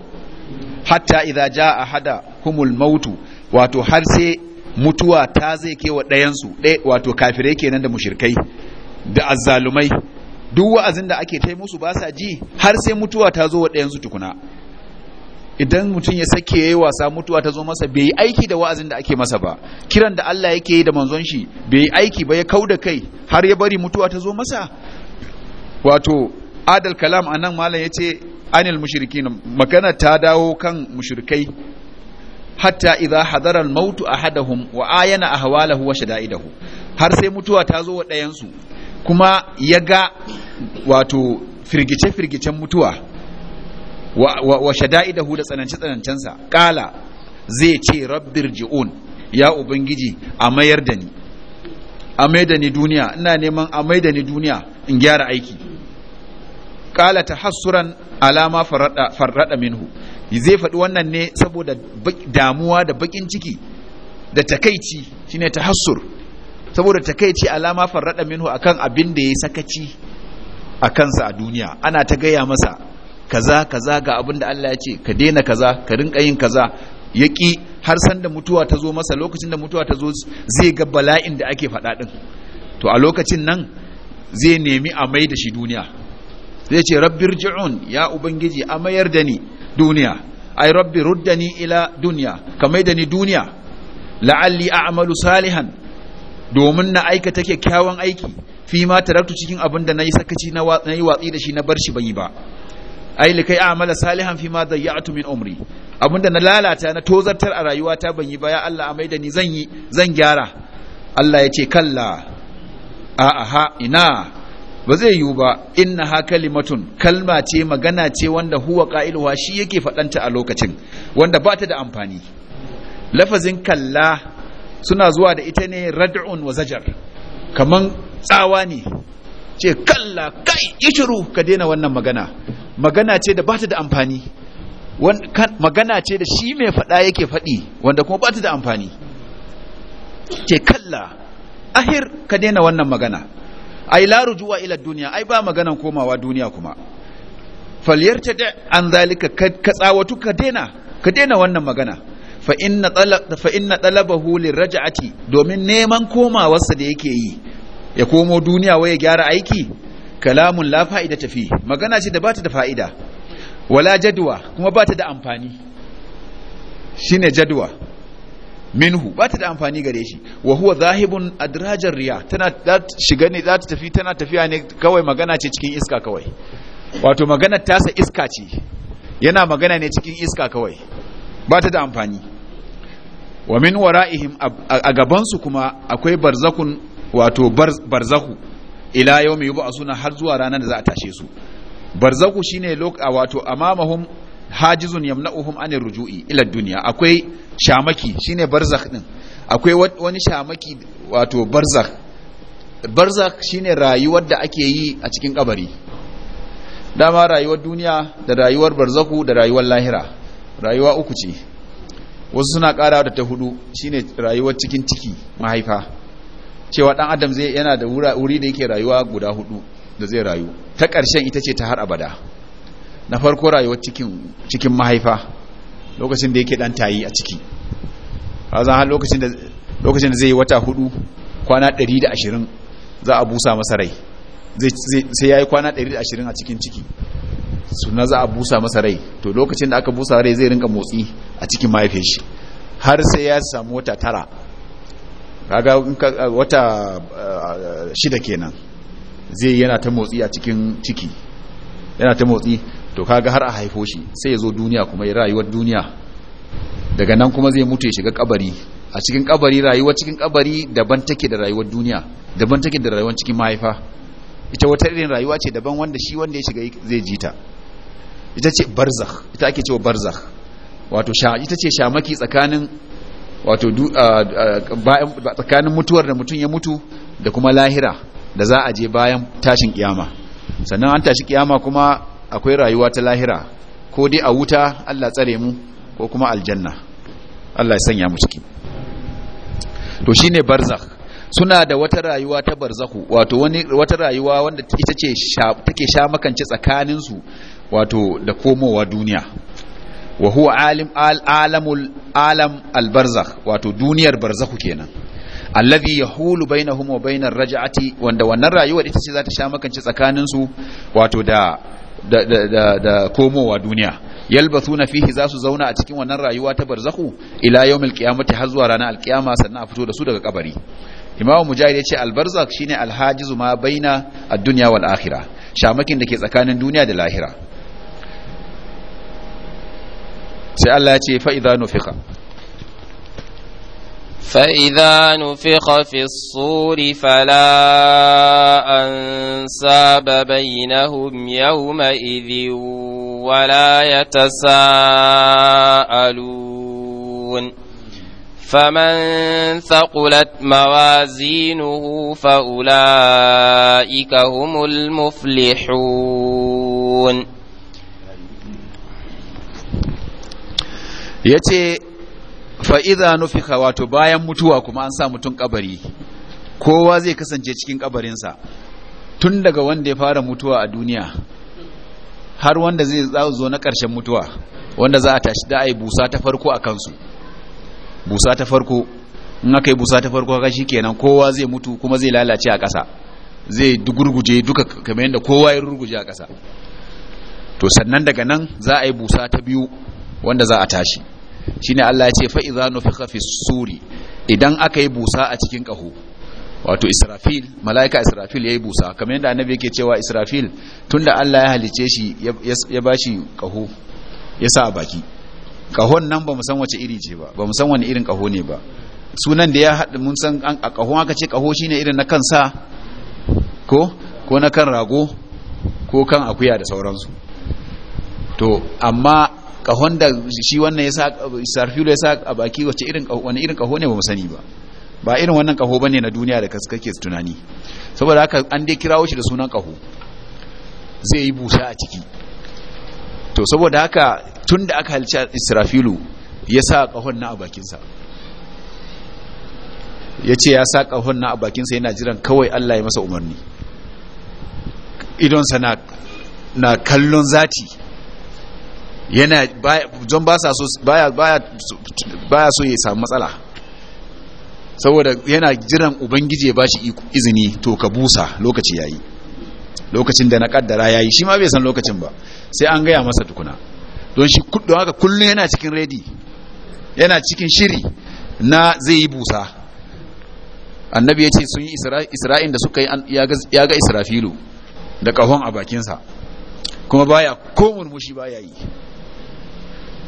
hatta idza jaa humul mautu wato har sai mutuwa ta zai kewa ɗayansu ɗaya wato kafirai kenan da mushirkai da azzalumai duk wa'azin da ake tai musu ba sa ji har sai mutuwa ta zo wa ɗayansu tukuna idan mutum ya sake ya yi wasa mutuwa ta zo masa bai yi aiki da wa'azin da ake masa ba kiran da Allah yake yi da manzon shi bai yi aiki ba ya kau da kai har ya bari mutuwa ta zo masa wato adal kalam anan malam ya ce anil mushrikin magana ta dawo kan mushrikai hatta idza hadara al-maut ahadahum wa ayana ahwalahu wa shada'idahu har sai mutuwa ta zo wa ɗayansu kuma ya ga wato firgice-firgicen mutuwa wa, wa, shada'idahu da tsanance sa ƙala zai ce rabbir ji'un ya ubangiji a mayar da ni a mai da ni duniya ina neman a mai da ni duniya in gyara aiki ƙala ta hassuran alama farrada minhu zai faɗi wannan ne saboda damuwa da bakin ciki da takaici shine tahassur saboda takaici alama farraɗa minhu akan abin da ya sakaci a kansa a duniya ana ta gaya masa kaza kaza ga abin da Allah ya ce ka daina kaza ka rinka yin kaza yaki har san da mutuwa ta zo masa lokacin da mutuwa ta zo zai ga bala'in da ake faɗa to a lokacin nan zai nemi a mai da shi duniya zai ce rabbi rji'un ya ubangiji a mayar da ni duniya ai rabbi ruddani ila duniya ka mai da ni duniya la'alli a'malu salihan domin na aikata kyakkyawan aiki fi ma taraktu cikin abin da yi sakaci na yi watsi da shi na bar shi ban yi ba ai likai a'mala salihan fi ma dayya'tu min umri abinda na lalata na tozartar a rayuwata ban yi ba ya Allah a mai da ni zan yi zan gyara Allah ya ce kalla a aha ina ba zai yiwu ba inna ha kalimatun kalma ce magana ce wanda huwa qailuha shi yake faɗanta a lokacin wanda ba ta da amfani lafazin kalla suna zuwa da ita ne rad'un wa zajar kaman tsawa ne ce kalla kai ishiru ka daina wannan magana magana ce da ba ta da amfani magana ce da shi mai faɗa yake faɗi wanda kuma ba ta da amfani ce kalla ahir ka daina wannan magana ai la rujuwa ila duniya ai ba maganan komawa duniya kuma falyartadi an zalika ka tsawatu ka daina ka dena wannan magana fa inna talab fa inna talabahu liraj'ati domin neman komawarsa da yake yi ya komo duniya ya gyara aiki kalamun la fa'ida tafi magana ce da bata da fa'ida wala jadwa kuma bata da amfani shine jadwa minhu ba ta da amfani gare shi wa huwa zahibun adrajar riya tana da shiga ne za ta tafi tana tafiya ne kawai magana ce cikin iska kawai wato magana tasa iska ce yana magana ne cikin iska kawai ba ta da amfani wa min wara'ihim a gabansu kuma akwai barzakun wato barzahu ila yawmi suna har zuwa ranar da za a tashe su barzaku shine wato amamahum hajizun yamna'uhum anir ruju'i ila dunya akwai shamaki shine barzakh din akwai wani shamaki wato Barzak barzakh shine rayuwar da ake yi a cikin kabari dama rayuwar duniya da rayuwar barzaku da rayuwar lahira rayuwa uku ce wasu suna kara da ta hudu shine rayuwar cikin ciki mahaifa cewa dan adam zai yana da wuri da yake rayuwa guda hudu da zai rayu ta ƙarshen ita ce ta har abada na farko rayuwar cikin mahaifa lokacin da yake dan tayi a ciki zan har lokacin da lokacin da zai yi wata hudu kwana 120 za a busa masa rai sai ya yi kwana 120 a cikin ciki suna za a busa masa rai to lokacin da aka busa rai zai rinka motsi a cikin mahaifin shi har sai ya samu wata tara kaga wata eh, shida kenan zai yana ta motsi a cikin ciki yana ta motsi to kaga har a haifo shi sai ya zo duniya kuma ya rayuwar duniya daga nan kuma zai mutu ya shiga kabari a cikin kabari rayuwar cikin kabari daban take da rayuwar duniya daban take da rayuwar cikin mahaifa ita wata irin rayuwa ce daban wanda shi wanda ya shiga zai ji ta ita ce barzakh ita ake cewa barzakh wato sha ita ce shamaki tsakanin wato tsakanin mutuwar da mutum ya mutu da kuma lahira da za a je bayan tashin kiyama sannan an tashi kiyama kuma akwai rayuwa ta lahira ko dai a wuta Allah tsare mu ko kuma aljanna Allah ya sanya mu ciki to shine barzakh suna da wata rayuwa ta barzaku wato wani wata rayuwa wanda ita ce take sha makance tsakanin su wato da komowa duniya wa huwa alim al alamul alam al barzakh wato duniyar barzaku kenan alladhi yahulu bainahum wa bainar raj'ati wanda wannan rayuwar ita ce za ta sha makance tsakanin su wato da da komowa duniya yalbasuna fihi za su zauna a cikin wannan rayuwa ta barzakhu ila yawmil qiyamati har zuwa ranar alqiyama sannan a fito da su daga kabari imam mujahid ce albarzak shine alhajizu ma baina ad-dunya wal akhirah shamakin ke tsakanin duniya da lahira sai Allah ya ce fa idza nufiqa فإذا نفخ في الصور فلا أنساب بينهم يومئذ ولا يتساءلون فمن ثقلت موازينه فأولئك هم المفلحون يتي Fa'iza idza nufika wato bayan mutuwa kuma an sa mutum kabari kowa zai kasance cikin kabarinsa tun daga wanda ya fara mutuwa a duniya har wanda zai zo na ƙarshen mutuwa wanda za a tashi da a yi busa ta farko a kansu busa ta farko in aka yi busa ta farko haka shi kenan kowa zai mutu kuma zai lalace a ƙasa zai gurguje duka kamar yadda kowa ya rurguje a ƙasa to sannan daga nan za a yi busa ta biyu wanda za a tashi shine Allah ya ce fa idza nufikha fi suri idan aka yi busa a cikin kaho wato israfil malaika israfil yayi busa kamar yadda annabi yake cewa israfil tunda Allah ya halice shi ya bashi kaho ya sa a baki kahon nan ba mu san wace iri ce ba ba mu san wani irin kaho ne ba sunan da ya haɗu mun san a kahon aka ce kaho shine irin na kansa ko ko na kan rago ko kan akuya da sauransu to amma kahon da shi wannan ya sa sarfilo ya sa a baki wace irin wani irin kaho ne ba mu sani ba ba irin wannan kaho bane na duniya da ke tunani saboda haka an dai kirawo shi da sunan kaho zai yi busa a ciki to saboda haka tun da aka halci israfilu ya sa kahon na a bakinsa ya ce ya sa kahon na a bakinsa yana jiran kawai allah ya masa umarni idonsa na kallon zati yana john ba so baya so ya samu matsala saboda yana jiran ubangiji ya bashi izini to ka busa lokaci yayi lokacin da na kaddara yayi shi ma bai san lokacin ba sai an gaya masa tukuna don shi don haka kullun yana cikin ready yana cikin shiri na zai yi busa annabi ya ce sun yi isra'in da suka yi ya ga israfilu da kahon a bakinsa kuma baya ko murmushi baya yi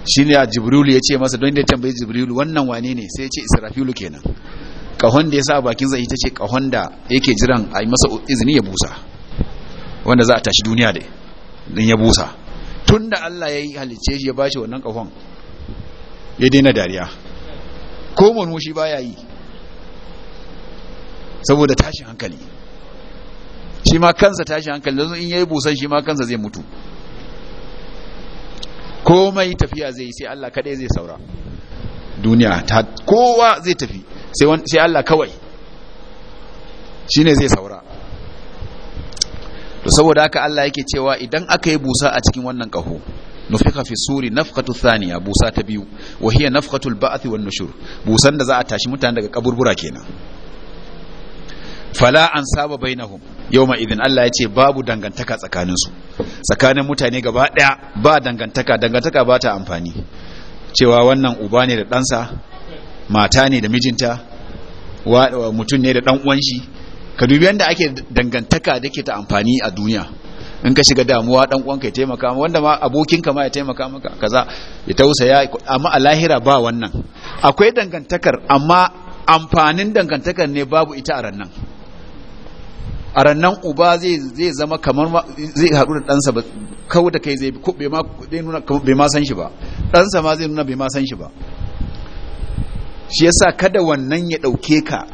shine a jibrilu ya ce masa don da tambayi jibrilu wannan wane ne sai ya ce israfilu kenan kahon da ya sa a bakin zai ita ce kahon da yake jiran a yi masa izini ya busa wanda za a tashi duniya da din ya busa tun da Allah ya yi halicce shi ya ba shi wannan kahon ya daina dariya ko murmushi ba ya yi saboda tashin hankali shi ma kansa tashin hankali don in ya yi busan shi ma kansa zai mutu komai tafiya zai yi sai Allah kaɗai zai saura duniya ta kowa zai tafi sai Allah kawai shine zai saura to saboda haka Allah yake cewa idan aka yi busa a cikin wannan ƙaho nufika fi suri nafkatu thaniya busa ta biyu wahiyar nafkatul ba'athi al wan nushur busan da za a tashi mutane daga kaburbura kenan fala an saba bainahum Yau ma idin Allah ya ce babu dangantaka tsakaninsu tsakanin mutane gaba ɗaya ba dangantaka dangantaka ba ta amfani cewa wannan uba ne da ɗansa mata ne da mijinta mutum ne da ɗan uwan shi ka dubi yadda ake dangantaka da ke ta amfani a duniya in ka shiga damuwa ɗan ka ya taimaka wanda ma abokin ka ma ya taimaka maka kaza ya tausaya amma a lahira ba wannan akwai dangantakar amma amfanin dangantakar ne babu ita a rannan. a rannan uba zai zama kamar zai haɗu da ɗansa ba kawo da kai zai bai ma san shi ba ɗansa ma zai nuna bai ma san shi ba shi yasa kada wannan ya ɗauke ka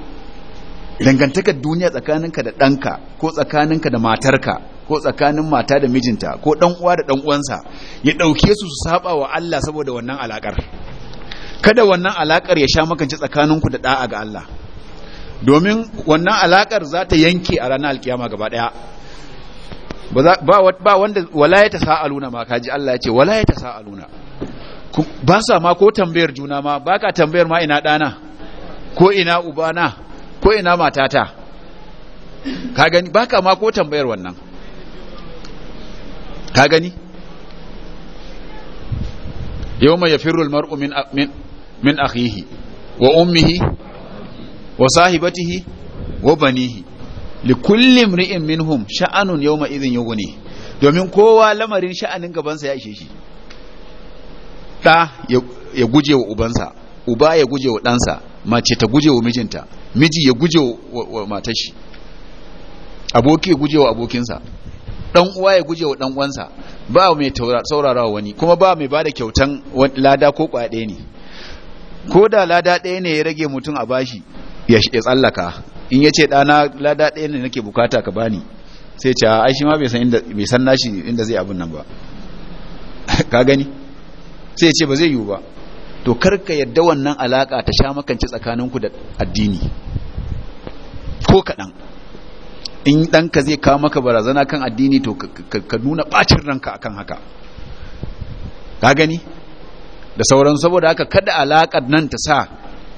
dangantakar duniya tsakaninka da ɗanka ko tsakaninka da matarka ko tsakanin mata da mijinta ko ɗan uwa da ɗan uwansa ya ɗauke su su saba wa Allah saboda wannan alaƙar kada wannan alaƙar ya sha makance tsakaninku da ɗa'a ga Allah domin wannan alakar za ta yanke a ranar alkiyama gaba daya ba wanda wala ya ta sa'aluna ma kaji Allah ya ce wala ya ta sa'aluna ba sa ma ko tambayar juna ma ba ka tambayar ma ina dana, ko ina ubana ko ina matata ka gani ba ka ma ko tambayar wannan ka gani yau mai ya firul mar'u min akhihi wa ummihi wa sahibatihi wa banihi li kulli imri'in minhum sha'anun yawma idhin yughni domin kowa lamarin sha'anin gabansa ya ishe shi ɗa ya guje wa ubansa uba ya guje wa ɗansa mace ta guje wa mijinta miji ya guje wa matar shi aboki ya guje wa abokinsa ɗan uwa ya guje wa ɗan uwansa ba mai saurara wani kuma ba mai bada kyautan lada ko kwa ɗaya ne ko da lada ɗaya ne ya rage mutum a bashi ya tsallaka in ya ce ɗana lada ɗaya ne nake bukata ka bani sai ce a shi ma bai san nashi inda zai abin nan ba ka gani sai ce ba zai yiwu ba to karka yadda wannan alaka ta sha makanci tsakaninku da addini ko kaɗan in ɗanka zai kawo maka barazana kan addini to ka nuna ɓacin ranka a kan haka ka gani da sauran saboda haka kada alaƙar nan ta sa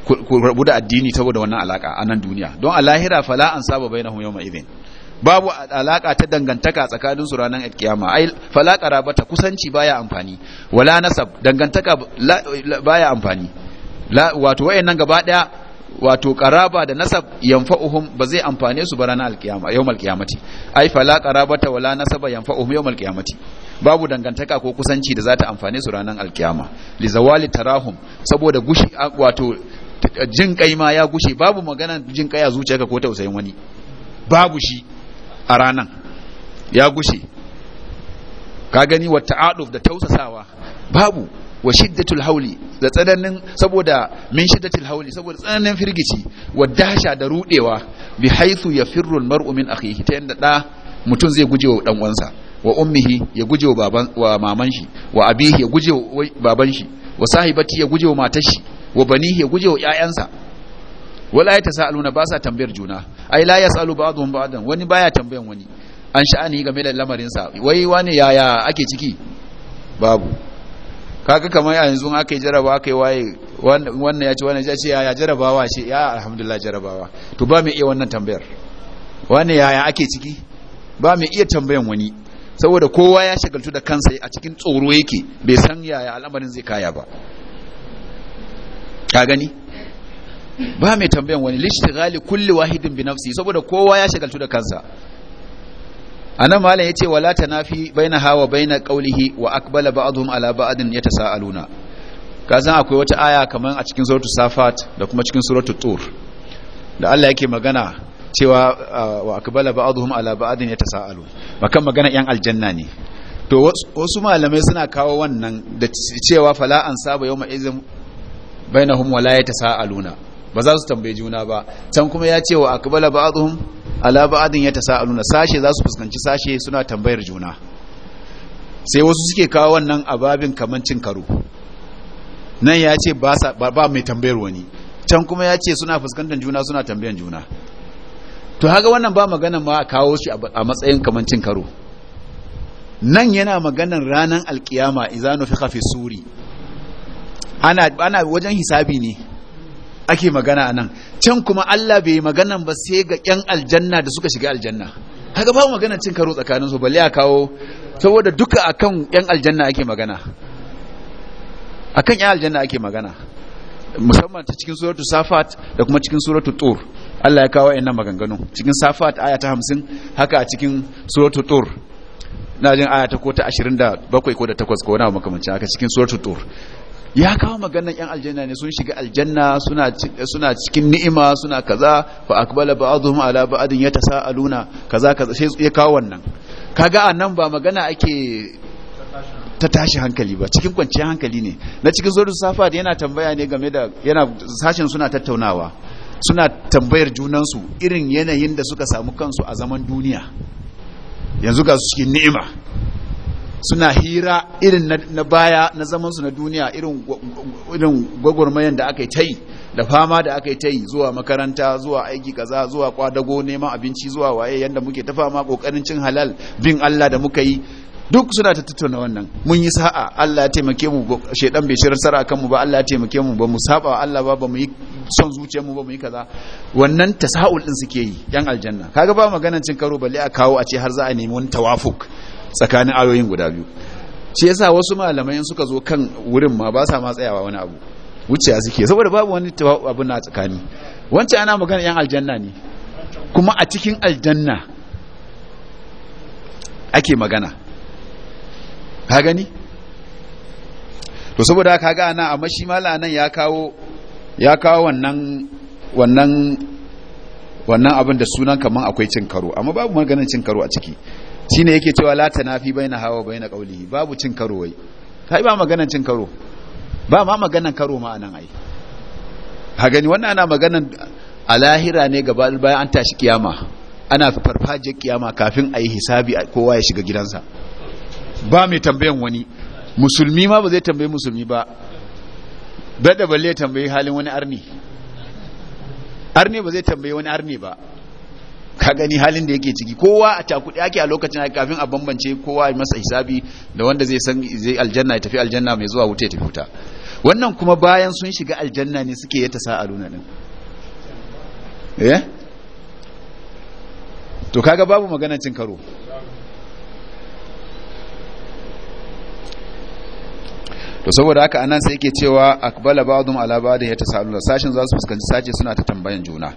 ku rabu da addini saboda wannan alaka a nan duniya don a lahira fala an saba bai bainahum yawma idhin babu alaka ta dangantaka tsakanin su ranar kiyama ai fala qarabata kusanci baya amfani wala nasab dangantaka baya amfani wato nan gaba daya wato karaba da nasab yanfa'uhum ba zai amfane su ba ranar alkiyama yau qiyamati ai fala qarabata wala nasaba yanfa'uhum yawmal qiyamati babu dangantaka ko kusanci da za ta amfane su ranar alkiyama li zawali tarahum saboda gushi wato jin kai ma ya gushe babu magana jin kai a zuciyarka ko tausayin wani babu shi a ranan ya gushe ka gani wa ta'aduf da tausasawa babu wa shiddatul hauli da tsananin saboda min shiddatul hauli saboda tsananin firgici wa dasha da rudewa bi haythu yafirru al mar'u min akhihi ta yanda da mutum zai guje wa dan uwansa wa ummihi ya guje wa baban wa maman shi wa abihi ya guje wa baban shi wa sahibati ya guje wa matar shi wa bani ya guje wa ƴaƴansa wala ya tasaluna ba sa tambayar juna ai la ya ba ba'dhum ba wani baya tambayan wani an sha'ani game da lamarinsa wai wani yaya ake ciki babu kaga kamar yanzu aka yi jaraba aka yi waye wannan ya ce wannan ya ce yaya jarabawa ce ya alhamdulillah jarabawa to ba mai iya wannan tambayar wani yaya ake ciki ba mai iya tambayan wani saboda kowa ya shagaltu da kansa a cikin tsoro yake bai san yaya al'amarin zai kaya ba ka gani ba mai tambayan wani gali kulli wahidin bi nafsi saboda kowa ya shagaltu da kansa anan malam yace wala tanafi baina hawa baina qawlihi wa aqbala ba'dhum ala ba'din yatasaaluna ka san akwai wata aya kaman a cikin suratul safat da kuma cikin suratul tur da Allah yake magana cewa wa aqbala ba'dhum ala ba'din yatasaalu makan magana yan aljanna ne to wasu malamai suna kawo wannan da cewa fala an saba yawma izin bainahum wala yatasaaluna ba za su tambaye juna ba can kuma ya ce wa akbala ba'dhum ala ba'din yatasaaluna sashe za su fuskanci sashe suna tambayar juna sai wasu suke kawo wannan ababin kaman cin karo nan ya ce ba mai tambayar wani can kuma ya ce suna fuskantar juna suna tambayan juna to haka wannan ba magana ma a kawo shi a matsayin kaman cin karo nan yana maganar ranar alkiyama izanu fi suri ana ana wajen hisabi ne ake magana nan can kuma Allah bai maganan ba sai ga ƴan aljanna da suka shiga aljanna haka ba magana cin karo tsakanin su balle a kawo saboda duka akan ƴan aljanna ake magana akan ƴan aljanna ake magana musamman ta cikin suratu safat da kuma cikin suratu tur Allah ya kawo ƴan maganganu cikin safat aya ta 50 haka a cikin suratu tur na jin aya ta ko ta 27 ko da 8 ko wani makamancin haka cikin suratu tur ya kawo maganan yan aljanna ne sun shiga aljanna suna cikin ni'ima suna kaza fa akbala ba'dhum ala ba'din yatasaaluna kaza kaza sai ya kawo wannan kaga anan ba magana ake ta tashi hankali ba cikin kwanciyar hankali ne na cikin zuwa safa da yana tambaya ne game da yana sashen suna tattaunawa suna tambayar junansu irin yanayin da suka samu kansu a zaman duniya yanzu ga su cikin ni'ima suna hira irin na baya na zamansu na duniya irin gwagwarmayan da aka yi ta yi da fama da aka yi ta zuwa makaranta zuwa aiki kaza zuwa kwadago neman abinci zuwa waye yadda muke ta fama kokarin cin halal bin Allah da muka yi duk suna ta tattauna wannan mun yi sa'a Allah ya taimake mu shedan bai shirar sara kanmu ba Allah ya taimake mu ba mu saba wa Allah ba ba mu yi son zuciyar mu ba mu yi kaza wannan tasahul din suke yi yan aljanna kaga ba maganan cin karo balle a kawo a ce har za a nemi wani tawafuk tsakanin ayoyin guda biyu shi yasa wasu malamai suka zo kan wurin ma ba sa ma tsayawa wani abu wuciya suke saboda babu wani abu na tsakani wancan ana magana yan aljanna ne kuma a cikin aljanna ake magana ka gani to saboda ka ga ana amma shi malamai nan ya kawo ya kawo wannan wannan wannan abin da sunan kaman akwai cin karo amma babu maganar cin karo a ciki shine yake cewa la tanafi baina hawa baina qawlihi babu cin karo wai kai ba maganan cin karo ba ma maganan karo ma anan ai ha gani wannan ana maganan a lahira ne gaba bayan an tashi kiyama ana farfajiyar kiyama kafin a yi hisabi kowa ya shiga gidansa ba mai tambayan wani musulmi ma ba zai tambayi musulmi ba bada balle tambayi halin wani arni arni ba zai tambayi wani arni ba ka gani halin da yake ciki kowa a takudi ake a lokacin kafin a bambance kowa a masa hisabi da wanda zai san zai aljanna ya tafi aljanna mai zuwa wuta ya tafi wuta wannan kuma bayan sun shiga aljanna ne suke yata sa'aluna din eh to kaga babu maganar cin karo to saboda haka anan sai yake cewa akbala ba'dhum ala ba'd yatasaaluna sashin za su fuskanci sace suna ta tambayan juna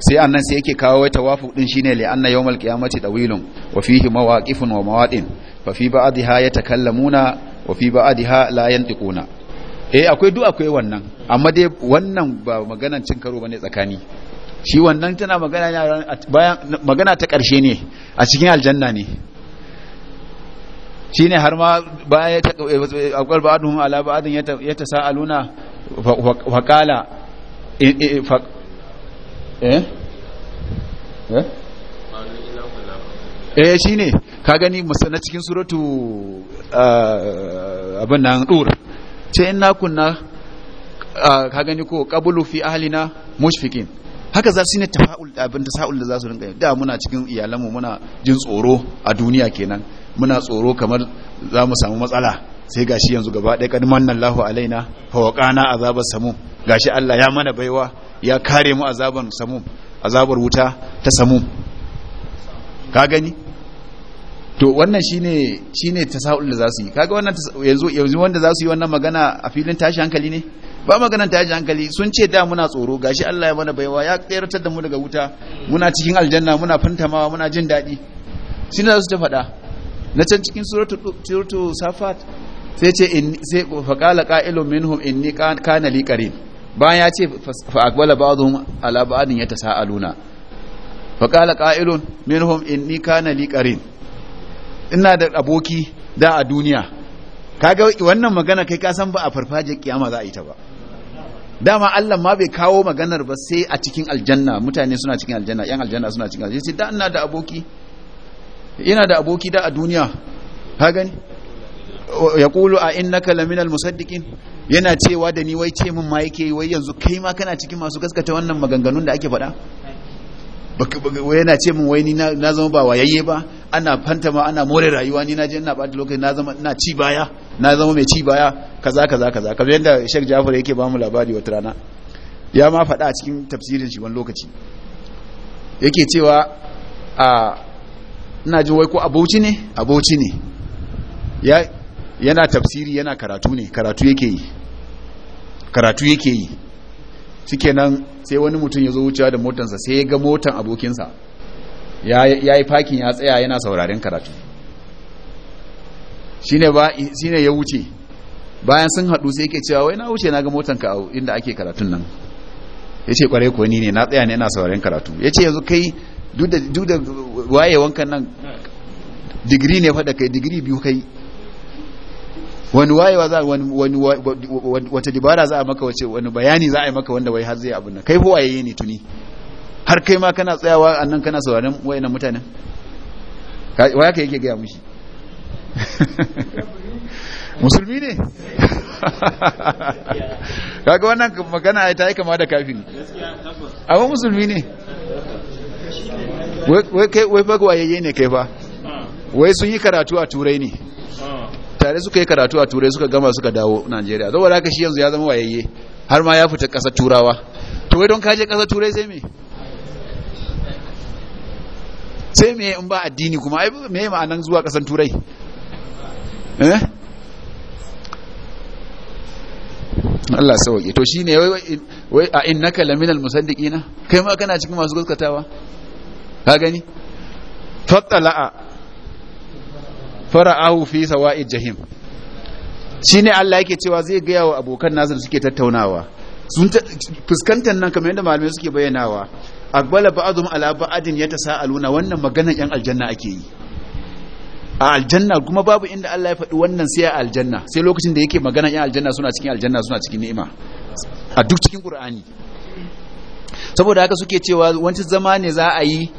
sai annan sai yake kawo wai wafu din shine li anna yawmal qiyamati dawilun wa fihi mawaqifun wa mawadin fa fi ba'dha yatakallamuna wa fi ba'dha la yantiquna eh akwai duk akwai wannan amma dai wannan ba maganan cin karo bane tsakani shi wannan tana magana bayan magana ta karshe ne a cikin aljanna ne shine har ma baya ta akwai ba'dhum ala ba'dhin yatasaaluna fa qala eh, eh, eh eh, eh shi ne ka gani na cikin suratu ah, abin nan dur ce in kunna ah, ka gani ko qablu fi ahlina mushfikin haka za su ne tafa'ul abin da sa'ul da za su rinka yi da muna cikin iyalanmu muna jin tsoro a duniya kenan muna tsoro kamar za mu samu matsala sai gashi yanzu gaba ɗaya kad Allahu alaina fa waqana azabar samu gashi Allah ya mana baiwa ya kare mu azaban samum azabar wuta ta samum ka gani to wannan shine shine tasawul da zasu yi kaga wannan yanzu yanzu wanda zasu yi wannan magana a filin tashi hankali ne ba maganan tashi hankali sun ce da muna tsoro gashi Allah ya mana baiwa ya tsayartar da mu daga wuta muna cikin aljanna muna fantamawa muna jin daɗi shi ne za su ta faɗa na can cikin suratu safat sai ce in sai faqala qa'ilun minhum inni kana liqarin bayan ya ce fa aqbala ba'dhum ala ba'din yatasaaluna fa qala qa'ilun minhum ni kana li qarin ina da aboki da a duniya kaga wannan magana kai ka san ba a farfajin kiyama za a yi ta ba dama Allah ma bai kawo maganar ba sai a cikin aljanna mutane suna cikin aljanna yan aljanna suna cikin aljanna sai da ina da aboki ina da aboki da a duniya ka gani ya kulu a innaka laminal musaddiqin yana cewa da ni wai ce min ma yake wai yanzu kai ma kana cikin masu gaskata wannan maganganun da ake faɗa yana ce min wai ni na zama ba wayayye ba ana fantama ana more rayuwa ni na je ina bada lokaci na zama ina ci baya na zama mai ci baya kaza kaza kaza kamar yadda Sheikh Jafar yake ba mu labari wata rana ya ma faɗa a cikin tafsirin shi wani lokaci yake cewa a ina jin wai ko abauci ne abauci ne ya yana tafsiri yana karatu ne karatu yake yi karatu yake yi shikenan sai wani mutum ya zo wucewa da motansa sai ya ga motan abokinsa ya yi fakin ya tsaya yana sauraren karatu Shi ne ya wuce bayan sun haɗu sai yake cewa wai na wuce na ga motanka a inda ake karatun nan ya ce kwarai kuwa ne na tsaya ne yana sauraren karatu ya ce yanzu kai duk da wayewankan nan digiri ne faɗa kai digiri biyu kai wani wayewa za wani wani wata dibara za a maka wace wani bayani za a yi maka wanda wai har zai abin nan kai ko waye ne tuni har kai ma kana tsayawa a nan kana sauraron wayannan mutanen waya ka yake gaya mushi musulmi ne kaga wannan magana ta yi kama da kafin amma musulmi ne wai fagwayayye ne kai fa wai sun yi karatu a turai ne tare suka yi karatu a turai suka gama suka dawo najeriya da aka shi yanzu ya zama wayayye har ma ya fita ƙasar turawa to wai don kaje ƙasar turai sai me sai me in ba addini kuma ai me ma'anan zuwa ƙasar turai eh Allah sauke to shine wai a innaka laminal musaddiqina kai ma kana cikin masu gaskatawa ka gani fatala fara'ahu fi sawa'id jahim shine Allah yake cewa zai gaya wa abokan nasa da suke tattaunawa fuskantar nan kamar yadda malamai suke bayyanawa aqbala ba'dhum ala ba'din yatasaaluna wannan maganar yan aljanna ake yi a aljanna kuma babu inda Allah ya faɗi wannan sai a aljanna sai lokacin da yake magana yan aljanna suna cikin aljanna suna cikin ni'ima a duk cikin qur'ani saboda haka suke cewa wancan zama ne za a yi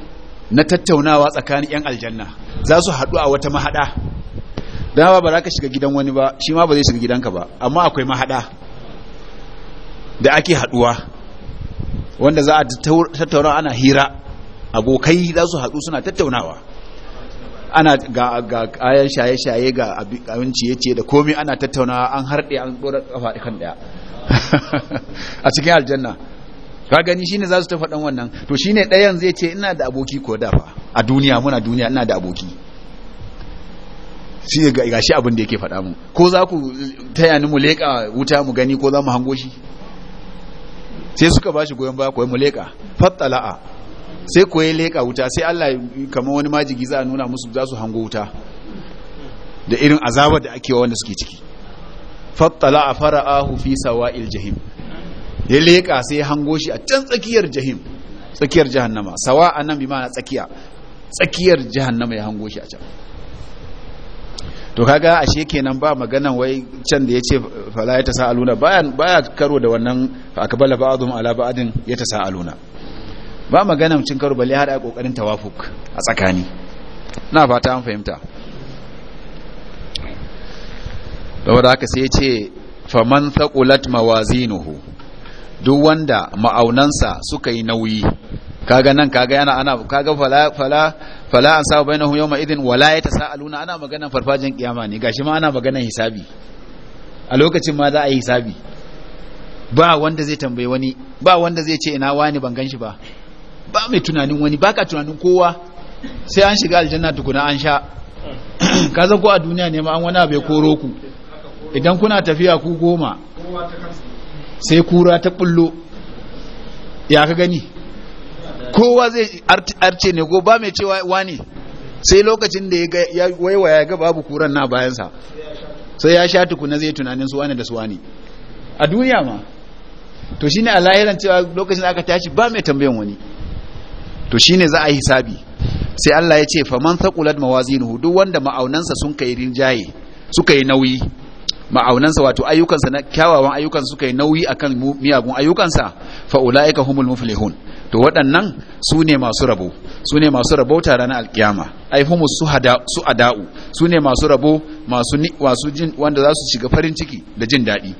na tattaunawa tsakanin 'yan aljanna za su haɗu a wata mahaɗa dama ba za ka shiga gidan wani ba shi ma ba zai shiga gidanka ba amma akwai mahaɗa da ake haɗuwa wanda za a tattauna ana hira abokai za su haɗu suna tattaunawa ana ga kayan ayan shaye-shaye ga abinci ya ce da komi ana tattaunawa an harɗe an ɗora ƙafa kan ɗaya a cikin aljanna ka gani shine za su ta faɗan wannan to shine ɗayan zai ce ina da aboki ko da fa a duniya muna duniya ina da aboki shi ga shi abin da yake faɗa mu ko za ku taya ni mu leƙa wuta mu gani ko za mu hango shi sai suka ba shi goyon baya koyi mu leƙa fattala'a sai koyi leƙa wuta sai Allah kamar wani majigi za a nuna musu za su hango wuta da irin azabar da ake wa wanda suke ciki fattala'a fara'ahu fi sawa'il jahim ya leƙa sai ya hango shi a can tsakiyar jahim tsakiyar jahannama sawa a nan bi mana tsakiya tsakiyar jahannama ya hango shi a can to kaga ashe kenan ba maganan wai can da ya ce fala ya ta sa aluna bayan ya karo da wannan ba ba'dhum ala adin ya ta sa aluna ba magana cin karo bali har a kokarin tawafuk a tsakani na fata an fahimta wadda haka sai ce faman thaqulat mawazinuhu duk wanda ma'aunansa suka yi nauyi kaga nan kaga yana ana kaga fala fala fala an sa hu yawma idin wala yatasaaluna ana maganan farfajin kiyama ne gashi ma ana maganan hisabi a lokacin ma za a yi hisabi ba wanda zai tambaye wani ba wanda zai ce ina wani ban ganshi ba ba mai tunanin wani baka tunanin kowa sai an shiga aljanna tukuna an sha kaza ko a duniya ne ma an wani abu ya koro ku idan kuna tafiya ku goma sai kura ta bullo ya ka gani kowa zai arce ne ko ba mai cewa wani sai lokacin da ya waiwaya ya ga babu kuran na bayansa sai ya sha tukuna zai tunanin su wani da su wani a duniya ma to shine a alahiran cewa lokacin da aka tashi ba mai tambayan wani to shine za a yi hisabi sai Allah ya ce faman thaqulat mawazinuhu duk wanda ma'aunansa sun kai rinjaye suka yi nauyi ma'aunansa wato ayyukansa na kyawawan ayyukan suka yi nauyi akan miyagun ayyukansa fa ulaika humul muflihun to waɗannan su ne masu rabo su ne masu rabo tare na alkiyama ai humus a da'u. su ne masu rabo masu wasu jin wanda za su shiga farin ciki da jin daɗi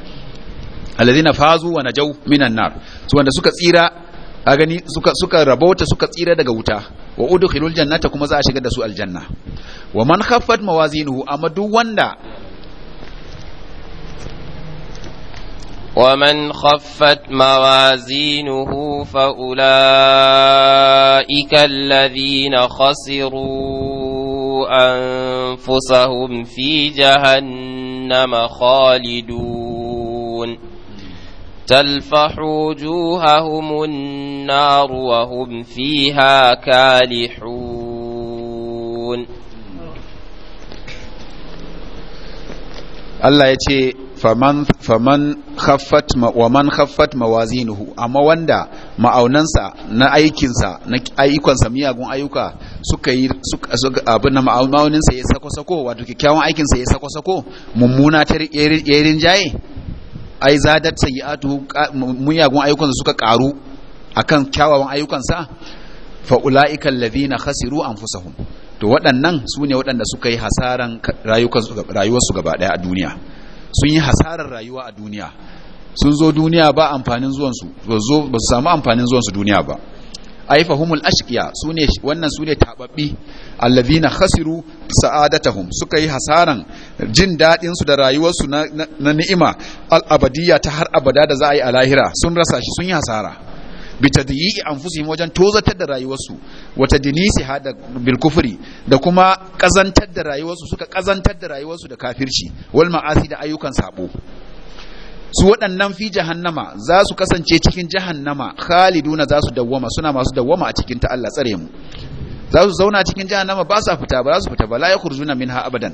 alladhina fazu wa najaw minan nar su wanda suka tsira a gani suka suka rabota suka tsira daga wuta wa udkhilul jannata kuma za a shiga da su aljanna wa man khaffat mawazinuhu amma duk wanda ومن خفت موازينه فأولئك الذين خسروا أنفسهم في جهنم خالدون تلفح وجوههم النار وهم فيها كالحون الله يجي faman faman khaffat wa man khaffat mawazinuhu amma wanda ma'aunansa na aikinsa na ayyukansa miyagun ayyuka suka yi abin na ma'auninsa ya sako sako wato kyakkyawan aikinsa ya sako sako mummuna ta ya jaye ai zadat sayyi'atu miyagun ayyukansa suka karu akan kyawawan ayyukansa fa ulaika alladhina khasiru anfusahum to waɗannan su ne waɗanda suka yi hasaran rayuwarsu gaba ɗaya a duniya sun yi hasarar rayuwa a duniya sun zo duniya ba amfanin zuwansu ba su samu amfanin zuwansu duniya ba Aifa humul sune wannan sune tababbi na hasiru sa'adatahum suka yi hasaran jin daɗinsu da rayuwarsu na, ni'ima al'abadiyya ta har abada da za a yi a lahira sun rasa shi sun yi hasara bi tadyi'i anfusihim wajen tozatar da rayuwarsu wata dinisi hada bil da kuma kazantar da rayuwarsu suka kazantar da rayuwarsu da kafirci wal ma'asi da ayyukan sabo su waɗannan fi jahannama za su kasance cikin jahannama khaliduna za su dawwama suna masu dawwama a cikin ta Allah tsare mu za su zauna cikin jahannama ba sa fita ba za su fita ba la yakhrujuna minha abadan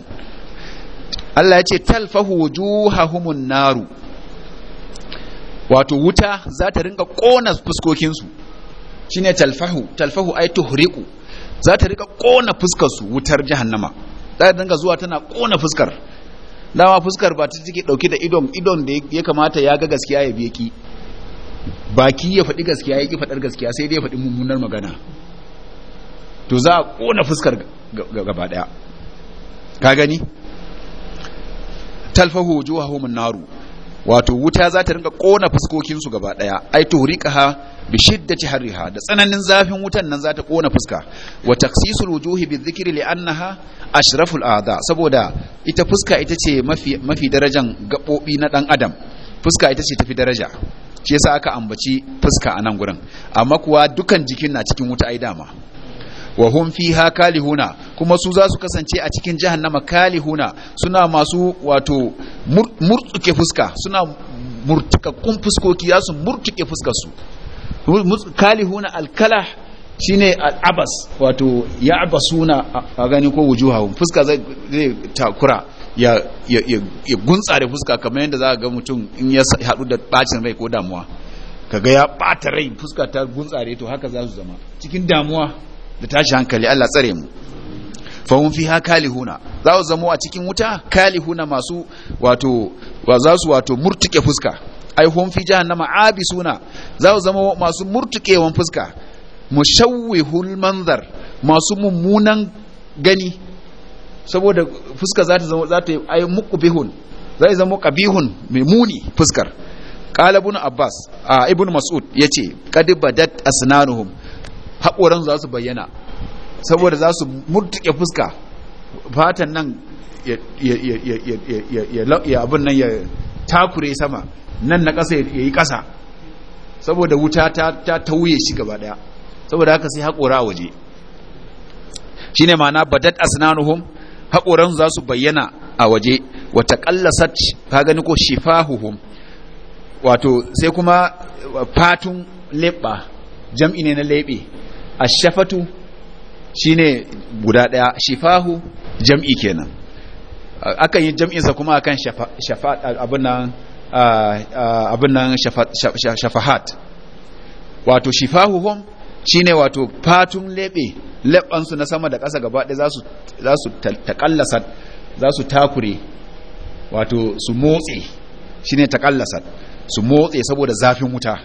Allah ya ce talfahu wujuhahumun naru wato wuta za ta rinka kona fuskokinsu shi ne talfahu talfahu ai tuhriku za ta rinka kona fuskarsu wutar jahannama za ta rinka zuwa tana ƙona fuskar dama fuskar ba ta take dauke da idon idon da ya kamata ya ga gaskiya ya biye ki baki ya faɗi gaskiya ya ki faɗar gaskiya sai dai ya faɗi mummunar magana to za a kona fuskar gaba daya ka gani talfahu wujuhahum an-naru wato wuta za ta ringa kona fuskokinsu gaba daya ai riqaha bi shiddati harriha da tsananin zafin wutan nan za ta kona fuska wa taksisul wujuhi bi dhikri li annaha ashraful saboda ita fuska ita ce mafi mafi darajan gabobi na dan adam fuska ita ce tafi daraja shi yasa aka ambaci fuska a nan gurin amma kuwa dukan jikin na cikin wuta ai dama wa ha fiha kalihuna kuma su za su kasance a cikin jahannama huna suna masu wato murtuke fuska suna murtukakkun fuskoki za su murtuke fuska su kalihuna alkala shine al'abas wato ya abasuna a gani ko wujuha fuska zai takura ya gunsa da fuska kamar yadda za ga mutum in ya haɗu da bacin rai ko damuwa kaga ya ɓata rai fuska ta guntsare to haka za su zama cikin damuwa da tashi hankali Allah tsare mu fahun fi haka lihuna za su zamo a cikin wuta kalihuna masu wato za su wato murtuke fuska ai hun fi jahannama suna za su zama masu murtukewan fuska mushawwihul manzar masu mummunan gani saboda fuska za ta zama za ta ai muqbihun za zama qabihun mai muni fuskar qala ibn abbas ibn mas'ud yace qad badat asnanuhum haƙoran za su bayyana saboda za su murtuke fuska fatan nan ya abin nan ya takure sama nan na ƙasa ya yi ƙasa saboda wuta ta tauye shi gaba ɗaya saboda haka sai haƙora waje shi ne mana badat asnanuhum haƙoran za su bayyana a waje wata ƙallasat ka gani ko shifahuhum wato sai kuma fatun leɓa jam'i ne na leɓe ashafatu shine guda daya shifahu jam'i kenan akan yi jam'insa kuma akan shafa abin nan abin nan shafahat wato hum shine wato fatun lebe lebansu na sama da ƙasa gaba ɗaya za su takallasa za su takure wato su motse shine takallasa su motse saboda zafin wuta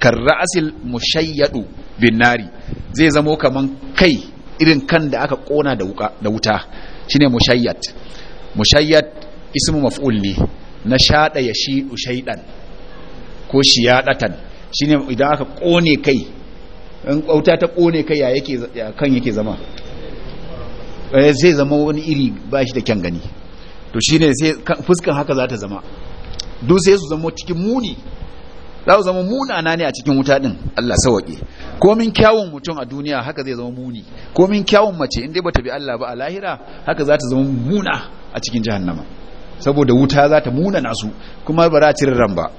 karra'asil mushayyadu bin nari zai zamo kaman kai irin kan da aka kona da wuta shine mushayyad mushayyad ismu maf'ul ne na shada shi shaydan ko shiyadatan shine idan aka kone kai in wuta ta kone kai ya yake kan yake zama eh, zai zama wani iri bashi da kyan gani to shine sai fuskan haka za ta zama duk sai su zama cikin muni za su zama munana ne a cikin wuta din Allah sawake komin kyawun mutum a duniya haka zai zama muni komin kyawun mace in dai bata bi Allah ba a lahira haka za ta zama muna a cikin jahannama saboda wuta za ta muna nasu kuma ba za a cire ran ba